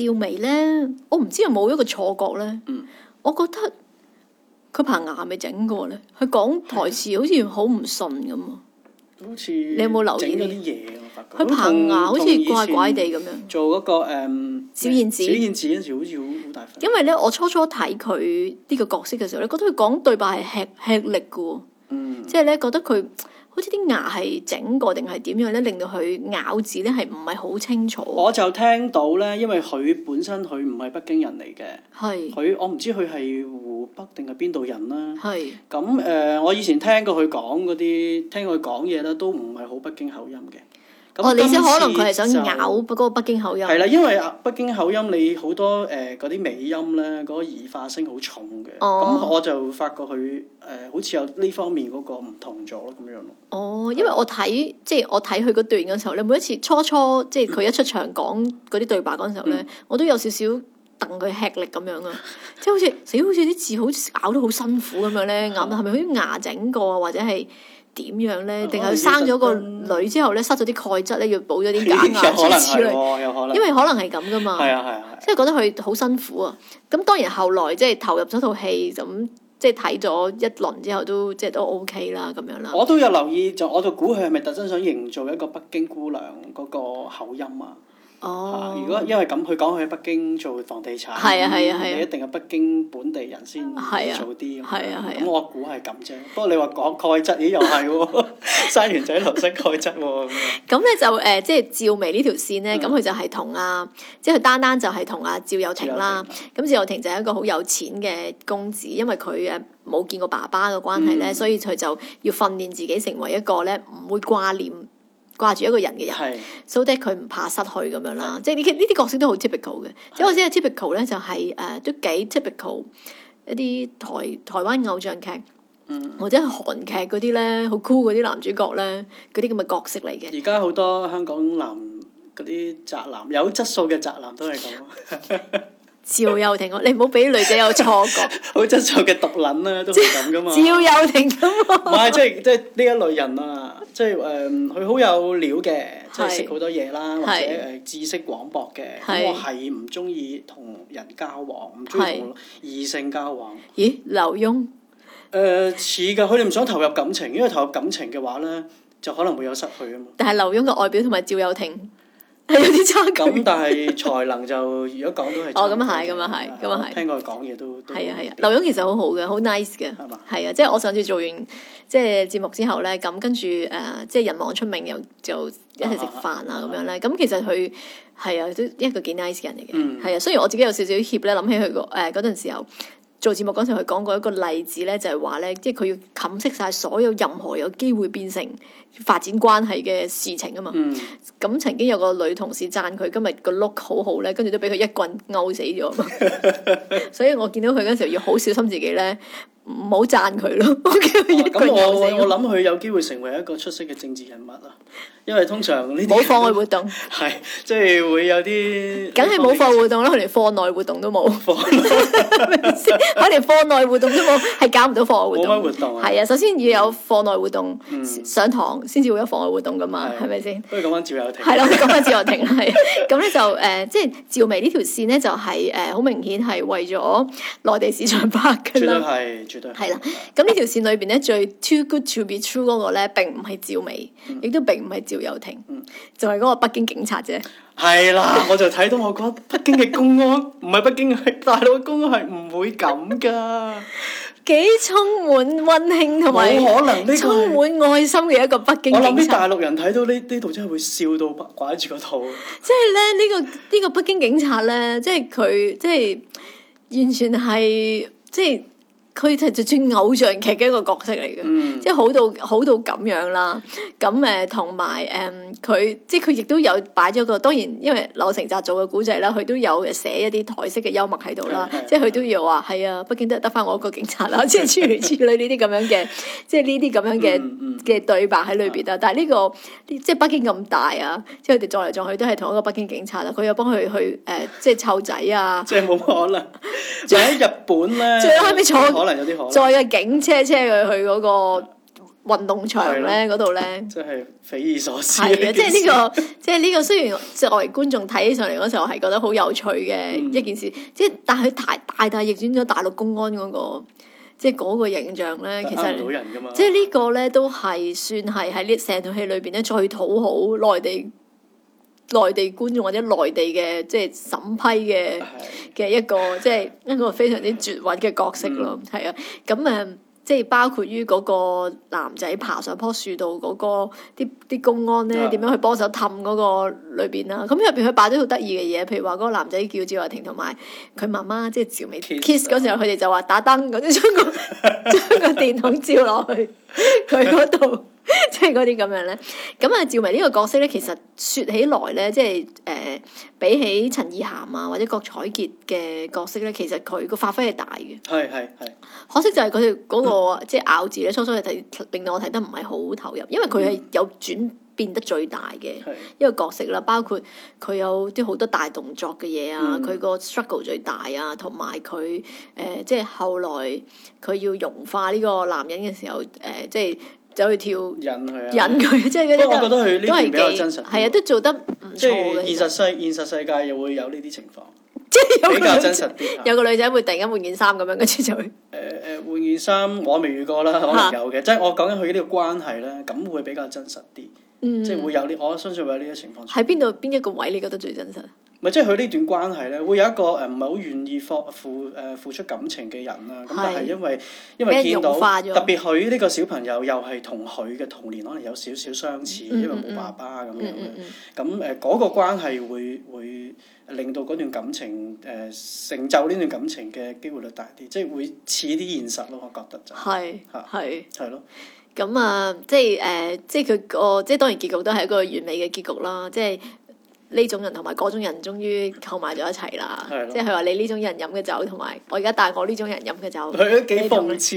A: 趙薇咧，我唔知有冇一個錯覺咧，嗯、我覺得佢棚牙咪整過咧，佢講台詞好似好唔順咁啊！
B: 你有冇留意到啲嘢
A: 啊？佢棚牙好似怪怪地咁樣。
B: 做嗰、那個誒、um, 小燕子，小燕子嗰陣時好似好好大
C: 份。
A: 因為咧，我初初睇佢呢個角色嘅時候，咧覺得佢講對白係吃吃力嘅，嗯，即係咧覺得佢。好似啲牙係整過定係點樣咧，令到佢咬字咧係唔係好清楚？我
B: 就聽到咧，因為佢本身佢唔係北京人嚟嘅，佢是我唔知佢係湖北定係邊度人啦。咁誒是、呃，我以前聽過佢講嗰啲，聽佢講嘢咧都唔係好北京口音嘅。哦，你先可能佢係想咬，
A: 嗰個北京口音。係啦，因為
B: 北京口音你好多誒嗰啲尾音咧，嗰、嗰個兒化聲好重嘅。哦。咁我就發覺佢誒、呃、好似有呢方面嗰個唔同咗咯，咁樣咯。
A: 哦，因為我睇即係我睇佢嗰段嘅時候，你每一次初初即係佢一出場講嗰啲對白嗰陣時候咧，嗯、我都有少少戥佢吃力咁樣啊，即係、嗯、 好似死好似啲字好似咬到好辛苦咁樣咧，咬到係咪好似牙整過啊，或者係？點樣呢？定係生咗個女之後呢，失咗啲鈣質咧，要補咗啲鈉啊，諸如此類。有可能啊、因為可能係咁噶嘛，即係、 啊啊啊、覺得佢好辛苦啊。咁當然後來即係投入咗套戲，咁即係睇咗一輪之後都即係、即係、都 OK 啦，咁樣啦。我
B: 都有留意，就我就估佢係咪特登想營造一個北京姑娘嗰個口音啊？哦，如果因為咁，佢講佢喺北京做房地產，咁你一定係北京本地人先做
A: 啲咁。
B: 咁我估係咁啫。不過你話講鈣質，咦又係喎，生完仔流失鈣質喎
A: 咁啊。咁咧就誒，即係趙薇呢條線咧，咁佢就係同啊，即係佢單單就係同阿趙又廷啦。咁趙又廷就係一個好有錢嘅公子，因為佢誒冇見過爸爸嘅關係咧，所以佢就要訓練自己成為一個咧唔會掛念。掛住一個人嘅人，所以咧佢唔怕失去咁樣啦。即係呢啲呢啲角色都好 typical 嘅。即係我知係 typical 咧，就係、是、誒、呃、都幾 typical 一啲台台灣偶像劇，嗯、或者係韓劇嗰啲咧，好酷嗰啲男主角咧，嗰啲咁嘅角色嚟嘅。
B: 而家好多香港男嗰啲宅男，有質素嘅宅男都係咁。
A: 趙又廷，你唔好俾女仔有錯覺，
B: 好真實嘅毒撚啦，都係咁噶嘛。趙
A: 又廷
E: 咁啊，唔係，即係
B: 即係呢一類人啊，即係誒，佢、呃、好有料嘅，是即係識好多嘢啦，或者誒是知識廣博嘅，是我係唔中意同人交往，唔中意同異性交往。
A: 咦？劉墉？
B: 誒、呃，似噶，佢哋唔想投入感情，因為投入感情嘅話咧，就可能會有失去啊。
A: 但係劉墉嘅外表同埋趙又廷。
B: 係有啲差距咁，但係才能就如果講都
A: 係。 哦，咁啊係，咁啊係，咁啊係。聽
B: 佢講嘢都係啊係啊，
A: 劉、啊、勇其實好好嘅，好 nice 嘅。係嘛吧？係啊，即、就、係、是、我上次做完即係節目之後咧，咁跟住誒、即、呃、係、就是、人望出名又就一齊食飯啊咁樣咧。咁、啊、其實佢係啊，都一個幾 nice 嘅人嚟嘅。嗯。係啊，雖然我自己有少少怯咧，諗起佢、那個誒嗰陣時候做節目嗰陣時，佢講過一個例子咧，就係話咧，即係佢要冚熄晒所有任何有機會變成。發展關係嘅事情啊嘛，咁、嗯嗯、曾經有個女同事讚佢今日個 look 好好咧，跟住都俾佢一棍勾死咗。 所以我見到佢嗰陣時候要好小心自己咧，唔好讚佢咯。
B: 咁我我諗佢有機會成為一個出色嘅政治人物啊，因為通常呢啲冇課外活動係即係會有啲，梗係冇
A: 課外活動啦，佢連課內活動都冇，我連課內活動都冇，係搞唔到課外活動。冇乜活動啊？係啊，首先要有課內活動，嗯、上堂。先至會有妨礙活動噶嘛，係咪先？不如
B: 講返趙又廷係啦，我講
A: 返趙又廷係，咁咧就誒、呃，即係趙薇呢條線咧就係、是、誒，好、呃、明顯係為咗內地市場拍噶啦，絕對係絕對係啦。咁呢條線裏邊咧最 too good to be true 嗰個咧，並唔係趙薇，亦、嗯、都並唔係趙又廷，嗯、就係嗰個北京警察啫。
B: 係啦，我就睇到我覺得北京嘅公安，唔係北京嘅
A: 大佬嘅公安係唔會咁噶。 幾充滿溫馨同埋充滿愛心嘅一個北京，我諗啲大
B: 陸人睇到呢呢度真係會笑到拐住個肚。
A: 即係咧，呢個呢個北京警察咧，即係佢即係完全係即係。就是佢就就做偶像劇嘅一個角色嚟嘅，即係好到好到咁樣啦。咁誒，同埋誒，佢即係佢亦都有擺咗一個。當然，因為鈕承澤做嘅古仔啦，佢都有寫一啲台式嘅幽默喺度啦。即係佢都要話係啊，北京都得翻我一個警察啦，即係諸如此類呢啲咁樣嘅，即係呢啲咁樣嘅嘅對白喺裏邊啊。但係呢個即係北京咁大啊，即係佢哋撞嚟撞去都係同一個北京警察啦。佢又幫佢去誒，即係湊仔啊，即係
B: 冇可能。就喺日本咧，最係尾坐？可能有啲可能，再
A: 嘅警車車佢去嗰個運動場咧嗰度咧，
B: 真係匪夷所思啊的！件即係呢、呢個，
A: 即係呢個雖然即係外圍觀眾睇起上嚟嗰時候係覺得好有趣嘅一件事，嗯、即係但係太大大逆轉咗大陸公安嗰、嗰個即係嗰個形象咧。其實人嘛即係呢個咧都係算係喺呢成套戲裏邊咧最討好內地。內地觀眾或者內地嘅即係審批嘅嘅一個即係 一個非常之絕穩嘅角色咯，係啊、嗯，咁誒即係包括於嗰個男仔爬上樖樹度嗰、那個啲啲公安咧點樣去幫手氹嗰個裏邊啦，咁入邊佢擺咗好得意嘅嘢，譬如話嗰個男仔叫趙雅婷同埋佢媽媽即係、就是、趙美琪 kiss 嗰時候，佢哋 就話打燈咁將個將個電筒照落去佢嗰度。即係嗰啲咁樣咧，咁啊趙薇呢個角色咧，其實說起來咧，即係誒、呃、比起陳意涵啊或者郭采潔嘅角色咧，其實佢個發揮係大嘅。係係係。可惜就係佢嗰個、嗯、即係咬字咧，初初係睇，令到我睇得唔係好投入，因為佢係有轉變得最大嘅一個角色啦，是包括佢有啲好多大動作嘅嘢啊，佢個、嗯、struggle 最大啊，同埋佢誒即係後來佢要融化呢個男人嘅時候誒、呃、即係。走去挑引佢啊！引佢即係嗰啲，都係幾係啊，都做得即係、嗯、現實
B: 世實現實世界又會有呢啲情況，即係 比較真實啲。有
A: 個女仔會突然間換件衫咁樣，跟住就會誒
B: 誒換件衫，我未遇過啦，可能有嘅。即係 我講緊佢呢個關係咧，咁會比較真實啲，即係、嗯、會有呢。我相信會有呢個情況。
A: 喺邊度邊一個位你覺得最真實？
B: 咪即係佢呢段關係咧，會有一個誒唔係好願意放付誒付出感情嘅人啦。咁但係因為因為見到特別佢呢個小朋友又係同佢嘅童年可能有少少相似，因為冇爸爸咁樣。咁誒嗰個關係會會令到嗰段感情誒成就呢段感情嘅機會率大啲，即係會似啲現實咯，我覺得就
A: 係係係咯。咁啊，即係誒，即係佢個即係當然結局都係一個完美嘅結局啦，即係。呢種人同埋嗰種人終於購埋咗一齊啦，即係佢話你呢種人飲嘅酒，同埋我而家帶我呢種人飲嘅酒，佢都
B: 幾諷刺，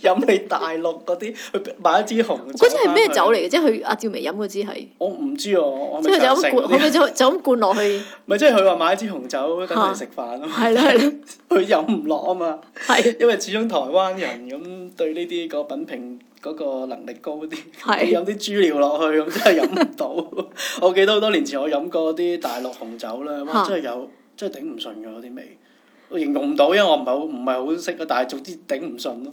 B: 飲種 你大陸嗰啲，去買一支紅。嗰支係咩酒嚟嘅？
A: 即係佢阿趙薇飲嗰支係。我唔
B: 知喎。即係飲灌，佢就咁灌落去。咪即係佢話買一支紅酒跟佢食飯咯。係咯係咯。佢 的 飲唔落啊嘛。係 是。的 因為始終台灣人咁對呢啲個品評。嗰個能力高啲，是你飲啲豬尿落去咁真係飲唔到。 我記得好多年前我飲過啲大陸紅酒啦，哇！真係有，真係頂唔順㗎嗰啲味，我形容唔到，因為我唔係好唔係好識啊，但係總之頂唔順咯。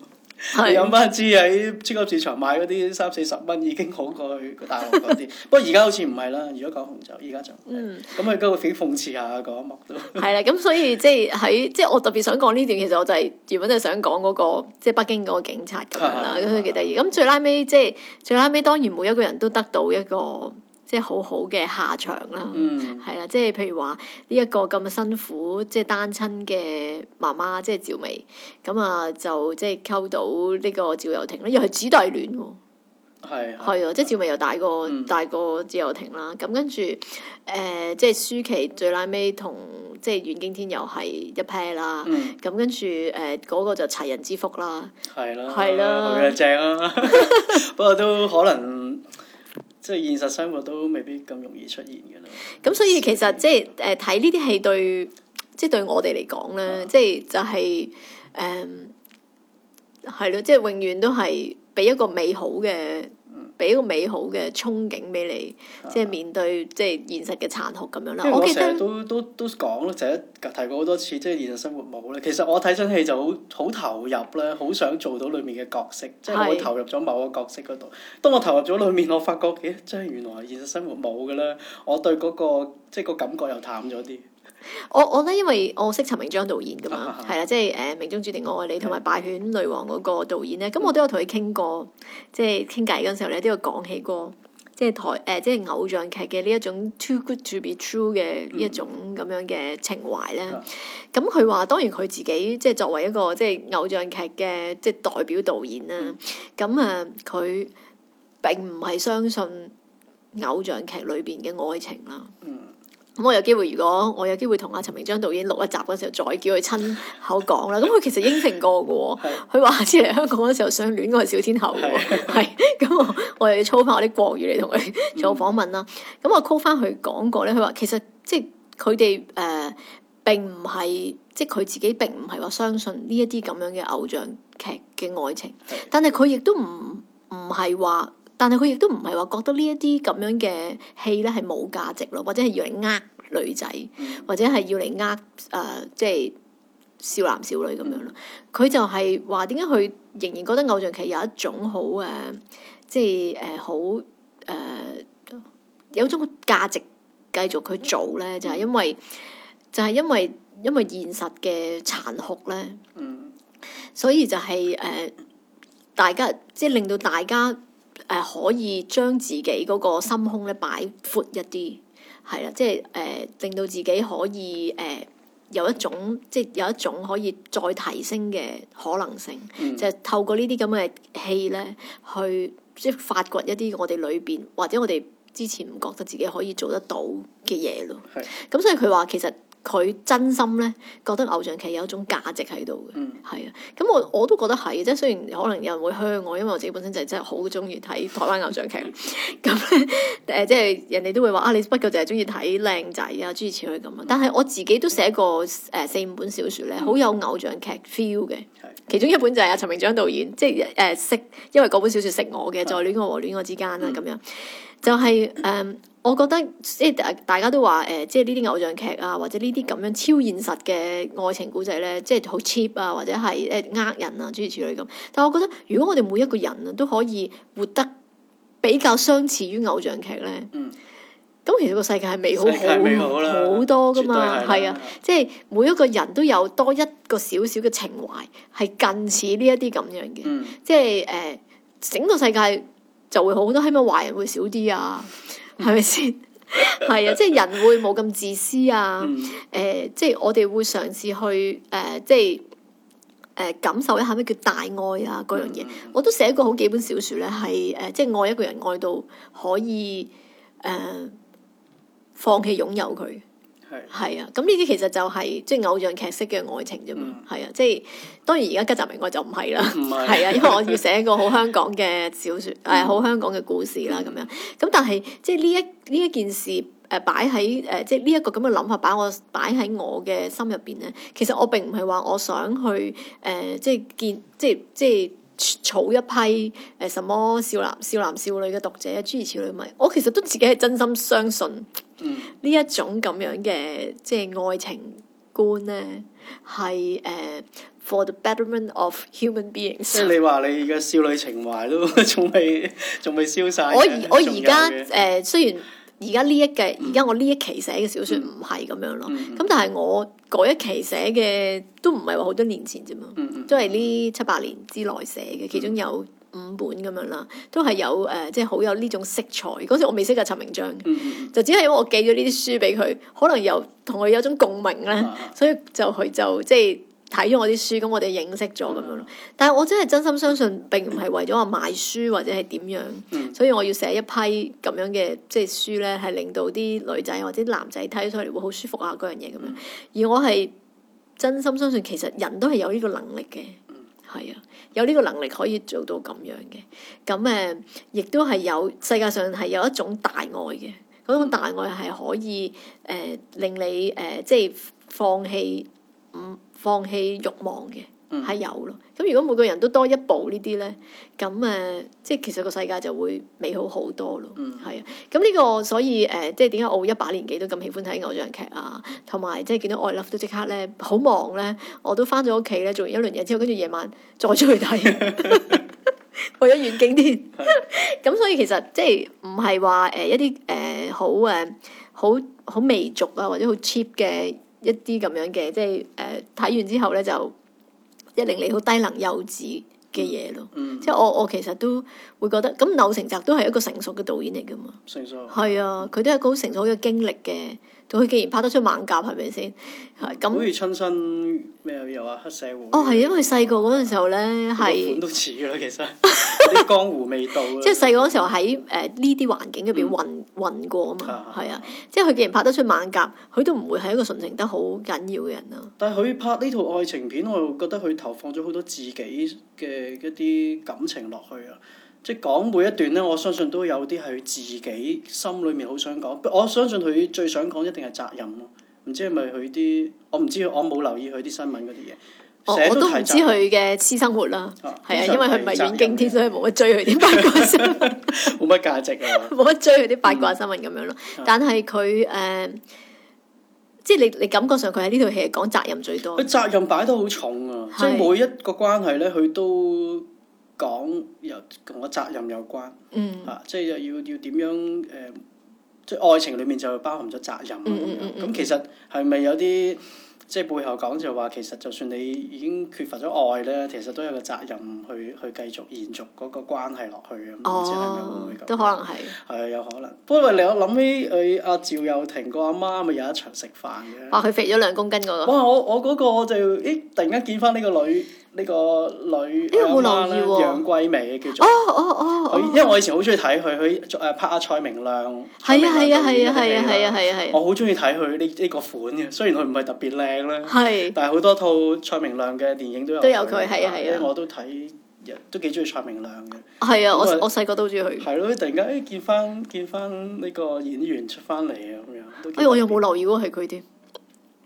B: 你飲翻支喺超級市場買嗰啲三四十蚊已經好過去大陸嗰啲，不過而家好似唔係啦。如果講紅酒，而家就，嗯，咁佢都會幾諷刺下講一幕。都，
A: 係啦，咁所以即係喺即係我特別想講呢段其實，我就係原本就想講嗰、那個即係、就是、北京嗰個警察咁樣啦，咁佢幾得意。咁最拉尾即係最拉尾、就是，當然每一個人都得到一個。即係好好嘅下場啦，係啦，即係譬如話呢一個咁辛苦，即係單親嘅媽媽，即係趙薇咁啊，就即係溝到呢個趙又廷咧，又係姊弟戀喎，係係啊，即係趙薇又大過大過趙又廷啦，咁跟住誒，即係舒淇最 last 尾同即係阮經天又係一 pair 啦，咁跟住誒嗰個就齊人之福啦，係啦，係啦，正
B: 啊，不過都可能。即係現實生活都未必咁容易
A: 出現嘅啦。咁所以其實即係誒睇呢啲戲，對，即係對我哋嚟講咧，即係就係誒係咯，即係永遠都係俾一個美好嘅。俾個美好嘅憧憬俾你，即係面對即係現實嘅殘酷咁、啊、樣啦。其實我，我成日都
B: 都都講咯，就係提過好多次，即係現實生活冇咧。其實我睇親戲就好好投入啦，好想做到裡面嘅角色，即係我投入咗某一個角色嗰度。是當我投入咗裡面，我發覺咦、欸，真係原來現實生活冇嘅咧。我對嗰、那個即係個感覺又淡咗啲。
A: 我我覺得，因為我識陳明章導演噶嘛，係啦， 即係誒《命中注定我愛你》同埋《敗犬女王》嗰個導演咧，咁 我都有同佢傾過，即係傾偈嗰陣時候咧，都有講起過，即係台誒、呃、即係偶像劇嘅呢一種 too good to be true 嘅一種咁樣嘅情懷咧。咁佢話，當然佢自己即係作為一個即係偶像劇嘅即係代表導演啦，咁啊佢並唔係相信偶像劇裏邊嘅愛情啦。嗯。 咁我有機會，如果我有機會同阿陳明章導演錄一集嗰時候，再叫佢親口講啦。咁佢其實應承過嘅，佢話 下次嚟香港嗰時候想戀愛小天后嘅，係咁 我我又要操翻我啲國語嚟同佢做訪問啦。咁、嗯嗯嗯、我 call 翻佢講過咧，佢話其實即係佢哋誒並唔係，即係佢、呃、自己並唔係話相信呢一啲咁樣嘅偶像劇嘅愛情，的但係佢亦都唔唔係話。但係佢亦都唔係話覺得呢一啲咁樣嘅戲咧係冇價值咯，或者係要嚟呃女仔，嗯、或者係要嚟呃誒，即、就、係、是、少男少女咁樣咯。佢、嗯、就係話點解佢仍然覺得偶像劇有一種、呃就是呃、好誒，即係誒好誒有種價值繼續去做咧，就係、是、因為就係、是、因為因為現實嘅殘酷咧，嗯、所以就係、是、誒、呃、大家即係、就是、令到大家。誒、呃、可以將自己嗰個心胸咧擺闊一啲，係啦，即係誒、呃、令到自己可以誒、呃、有一種即係有一種可以再提升嘅可能性，嗯、就係透過這這呢啲咁嘅戲咧，去即係發掘一啲我哋裏邊或者我哋之前唔覺得自己可以做得到嘅嘢咯。係，咁所以佢話其實。佢真心咧覺得偶像劇有一種價值喺度嘅，係啊、嗯，咁我我都覺得係即係雖然可能有人會噓我，因為我自己本身就係真係好中意睇台灣偶像劇，咁誒即係人哋都會話 啊，你不過就係中意睇靚仔啊，諸如此類咁啊，但係我自己都寫過誒四五本小説咧，好有偶像劇 feel 嘅，其中一本就係阿陳明章導演，即係誒識，因為嗰本小説識我嘅，在 戀愛和戀愛之間啊，咁樣就係誒。我覺得即係大大家都話誒、呃，即係呢啲偶像劇啊，或者呢啲咁樣超現實嘅愛情故仔咧，即係好 cheap 啊，或者係誒呃人啊諸如此類咁。但係我覺得，如果我哋每一個人啊都可以活得比較相似於偶像劇咧，嗯，咁其實個世界係美好好好多㗎嘛，係啊，嗯、即係每一個人都有多一個小小嘅情懷，係近似呢一啲咁樣嘅，嗯嗯、即係誒、呃、整個世界就會好多，起碼壞人會少啲啊。係咪先？係啊，即係人會冇咁自私啊。誒、 呃，即係我哋會嘗試去誒，即係誒感受一下咩叫大愛啊嗰樣嘢。Mm hmm. 我都寫過好幾本小説咧，係誒，即係愛一個人愛到可以誒、呃、放棄擁有佢。係啊，咁呢啲其實就係、是、即係偶像劇式嘅愛情啫嘛，係啊、嗯，即係當然而家吉澤明我就唔係啦，係啊不是，因為我要寫一個好香港嘅小説，係好、嗯哎、香港嘅故事啦咁樣。咁但係即係呢一呢一件事，誒、呃、擺喺誒、呃、即係呢一個咁嘅諗法，擺我擺喺我嘅心入邊咧。其實我並唔係話我想去誒、呃，即係見，即係即係。草一批誒什麼少男少男少女嘅讀者，諸如此類咪？我其實都自己係真心相信呢、嗯、一種咁樣嘅即係愛情觀咧，係誒、uh, for the betterment of human beings。即係你話
B: 你嘅少女情懷都仲未仲未消曬。我而我而家
A: 誒雖然。而家呢一嘅，而家我呢一期寫嘅小說唔係咁樣咯，咁、嗯、但係我嗰一期寫嘅都唔係話好多年前啫嘛，都係呢七八年之內寫嘅，其中有五本咁樣啦，都係有誒，即係好有呢種色彩。嗰時我未識過陳明章，嗯、就只係因為我寄咗呢啲書俾佢，可能又同佢有，有種共鳴啦，所以就佢就即係。睇咗我啲書，咁我哋認識咗咁樣咯。但係我真係真心相信，並唔係為咗話買書或者係點樣，嗯、所以我要寫一批咁樣嘅即係書呢，係令到啲女仔或者男仔睇咗出嚟會好舒服啊嗰樣嘢，咁樣。嗯、而我係真心相信，其實人都係有呢個能力嘅，係、嗯、啊，有呢個能力可以做到咁樣嘅。咁誒、呃，亦都係有世界上係有一種大愛嘅，嗰種大愛係可以誒、呃、令你誒、呃、即係放棄。唔放棄慾望嘅，係有咯。咁如果每個人都多一步呢啲呢，咁誒，即係其實個世界就會美好好多咯。係啊，咁呢個所以誒，即係點解我一把年紀都咁喜歡睇偶像劇啊？同埋即係見到愛 Love 都即刻呢，好忙呢，我都翻咗屋企呢，做完一輪嘢之後，跟住夜晚再出去睇，去咗遠景啲。咁所以其實即係唔係話誒一啲誒好誒好好微俗啊，或者好 cheap 嘅。一啲咁樣嘅，即係誒睇完之後咧，就令你好低能幼稚嘅嘢咯。嗯嗯、即係我我其實都會覺得，咁鈕承澤都係一個成熟嘅導演嚟噶嘛。
C: 成
A: 熟。係啊，佢都係一個好成熟嘅經歷嘅。佢既然拍得出猛甲，係咪先？咁好似
B: 親身咩啊？又話黑社會。哦，係因
A: 為細個嗰陣時候咧，係。都
B: 似啦，其實啲江湖味道。即係細
A: 個嗰時候喺誒呢啲環境入邊混混過啊嘛，係啊！即係佢既然拍得出猛甲，佢都唔會係一個純情得好緊要嘅人啊！但係佢拍呢
B: 套愛情片，我又覺得佢投放咗好多自己嘅一啲感情落去啊。即係講每一段咧，我相信都有啲係自己心裏面好想講。我相信佢最想講一定係責任咯。唔知係咪佢啲？我唔知，我冇留意佢啲新聞嗰啲嘢。
A: 我都唔知佢嘅私生活啦。係啊，是非常 因為佢唔係阮經天，所以冇乜追佢啲八卦新聞。冇乜 價值啊！冇乜追佢啲八卦新聞咁樣咯。嗯、但係佢誒，uh, 即係你你感覺上佢喺呢套戲係講責任最多。佢責
B: 任擺得好重啊！即係是每一個關係咧，佢都。講又同我責任有關，嚇、嗯啊，即係又要要點樣誒、呃？即係愛情裡面就包含咗責任。咁其實係咪有啲即係背後講就話，其實就算你已經缺乏咗愛咧，其實都有個責任去去繼續延續嗰個關係落去啊？唔知係咪有冇哦，都可能係，係有可能。不過你有諗起佢阿趙又廷個阿媽咪有一場食飯嘅。哇！佢肥咗兩公斤嗰、嗰個。哇！
A: 我我嗰個我就咦、
B: 欸，突然間見翻呢個女。欸欸呢個女阿媽咧，楊貴美叫做。哦哦哦因為我以前好中意睇佢，佢誒拍阿蔡明亮。
A: 係啊係啊係啊係啊係啊係啊！我
B: 好中意睇佢呢呢個款嘅，雖然佢唔係特別靚啦，但係好多套蔡明亮嘅電影都有佢，係啊，係啊，我都睇，都幾中意蔡明亮嘅。
A: 係啊，我我細個都中意佢。係
B: 咯，突然間誒見翻見翻呢個演員出翻嚟啊，咁樣。
A: 哎，我又冇留意喎，係佢啲。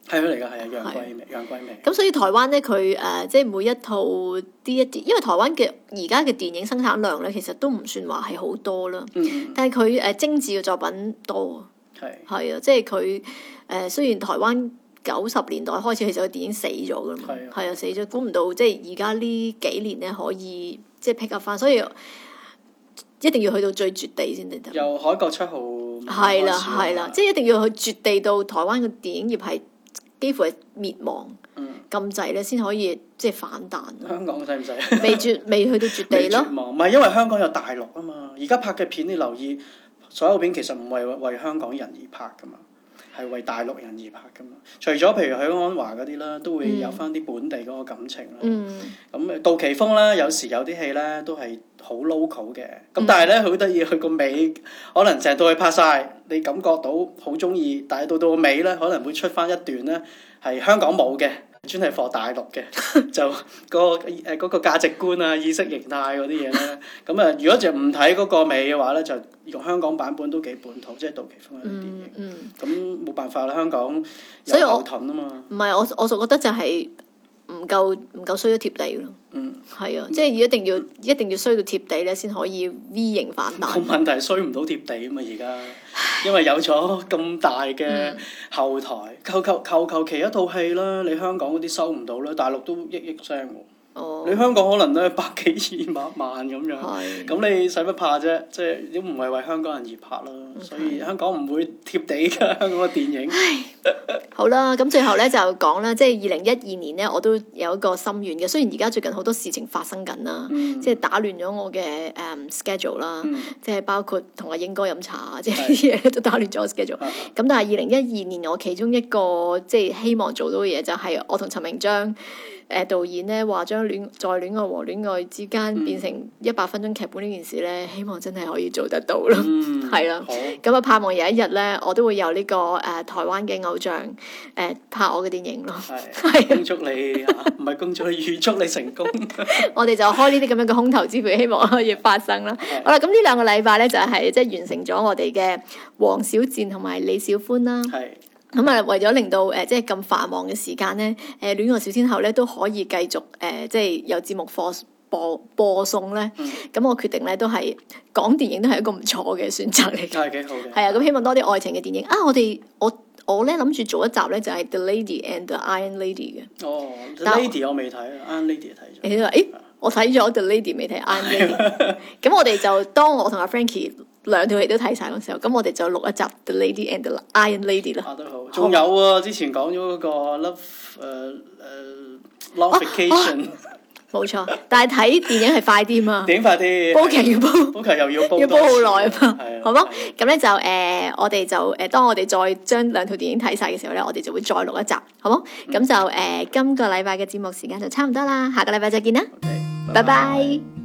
B: 係啊，嚟噶，係啊，洋鬼味，洋鬼味，咁
A: 所以台灣咧，佢誒即係每一套啲一啲，因為台灣嘅而家嘅電影生產量咧，其實都唔算話係好多啦。但係佢誒精緻嘅作品多。係。係啊，即係佢誒。雖然台灣九十年代開始，其實個電影死咗噶啦嘛。係啊。係啊，死咗，估唔到即係而家呢幾年咧，可以即係 pick up 返。所以一定要去到最絕地先得。
B: 由海角七號。係啦，係
A: 啦，即係一定要去絕地到台灣嘅電影業係。幾乎係滅亡，禁制咧先可以即係反彈。香
B: 港使唔使？ 未
A: 絕，未去到絕地咯。
B: 唔係因為香港有大陸啊嘛，而家拍嘅片你留意，所有片其實唔係為香港人而拍噶嘛。係為大陸人而拍㗎嘛？除咗譬如許鞍華嗰啲啦，都會有翻啲本地嗰個感情啦。咁杜琪峰啦，有時有啲戲都呢都係好 local 嘅。咁但係呢，佢好得意，佢個尾可能成到佢拍晒，你感覺到好中意，但係到到尾呢，可能會出翻一段呢係香港冇嘅。專係服大陸嘅，就個誒嗰個價值觀啊、意識形態嗰啲嘢咧。咁啊，如果就唔睇嗰個美嘅話咧，就用香港版本都幾本土，即係杜琪峯
C: 嗰啲電
A: 影。
B: 嗯。咁冇辦法啦，香港有矛盾啊嘛。
A: 唔係，我我就覺得就係。唔夠唔夠衰得貼地咯，嗯，係啊，即係一定要、嗯、一定要衰到貼地咧，先可以 V 型反彈。冇問
B: 題，衰唔到貼地啊嘛，而家，因為有咗咁大嘅後台，求求求求其一套戲啦，你香港嗰啲收唔到啦，大陸都億億聲喎。你、oh. 香港可能都百幾二百萬咁樣，咁 你使乜怕啫？即係都唔係為香港人而拍咯， 所以香港唔會貼地嘅 香港嘅電影。
A: 好啦，咁最後咧就講啦，即係二零一二年咧，我都有一個心願嘅。雖然而家最近好多事情發生緊啦，即係、嗯、打亂咗我嘅誒 schedule 啦，即、嗯、係、嗯嗯、包括同阿英哥飲茶，即係呢啲嘢都打亂咗我 schedule。咁的、嗯、但係二零一二年我其中一個即係、就是、希望做到嘅嘢就係我同陳明章。誒，導演咧話將戀再戀愛和戀愛之間變成一百分鐘劇本呢件事咧，嗯、希望真係可以做得到咯，係 啦的。咁啊好，盼望有一日咧，我都會有呢、這個誒、呃、台灣嘅偶像誒、呃、拍我嘅電影咯。係的，恭
B: 祝 你，唔係恭祝，預祝你成功。
A: 我哋就開呢啲咁樣嘅空頭支票，希望可以發生啦。的好啦，咁呢兩個禮拜咧就係即係完成咗我哋嘅王小賤同埋李小寬啦。係。咁啊，為咗令到誒、呃、即係咁繁忙嘅時間咧，誒、呃《戀愛小天后》呢咧都可以繼續誒、呃、即係有節目播播播送咧。咁我決定咧都係講電影都係一個唔錯嘅選擇嚟嘅。
C: 係嘅，幾好嘅。
A: 係啊，咁希望多啲愛情嘅電影啊！我哋我我咧諗住做一集咧就係《The Lady and the Iron Lady》嘅。哦，《The Lady》我未睇，《Iron Lady》睇咗。你話誒，我睇咗《The Lady》，未睇《Iron Lady》。咁我哋就當我同阿 Frankie，兩套戲都睇晒嗰時候，咁我哋就錄一集《The Lady and The Iron Lady》啦。啊，都好。
B: 仲有啊，之前講咗嗰個 Love，誒誒 Lovecation。
A: 冇錯，但係睇電影係快啲嘛。點
B: 快啲？煲劇要煲，煲劇又要煲多啲，要煲好耐啊嘛，
A: 好冇？咁咧就誒，我哋就誒，當我哋再將兩套電影睇晒嘅時候咧，我哋就會再錄一集，好冇？咁就誒，今個禮拜嘅節目時間就差唔多啦，下個禮拜再見啦。OK，拜拜。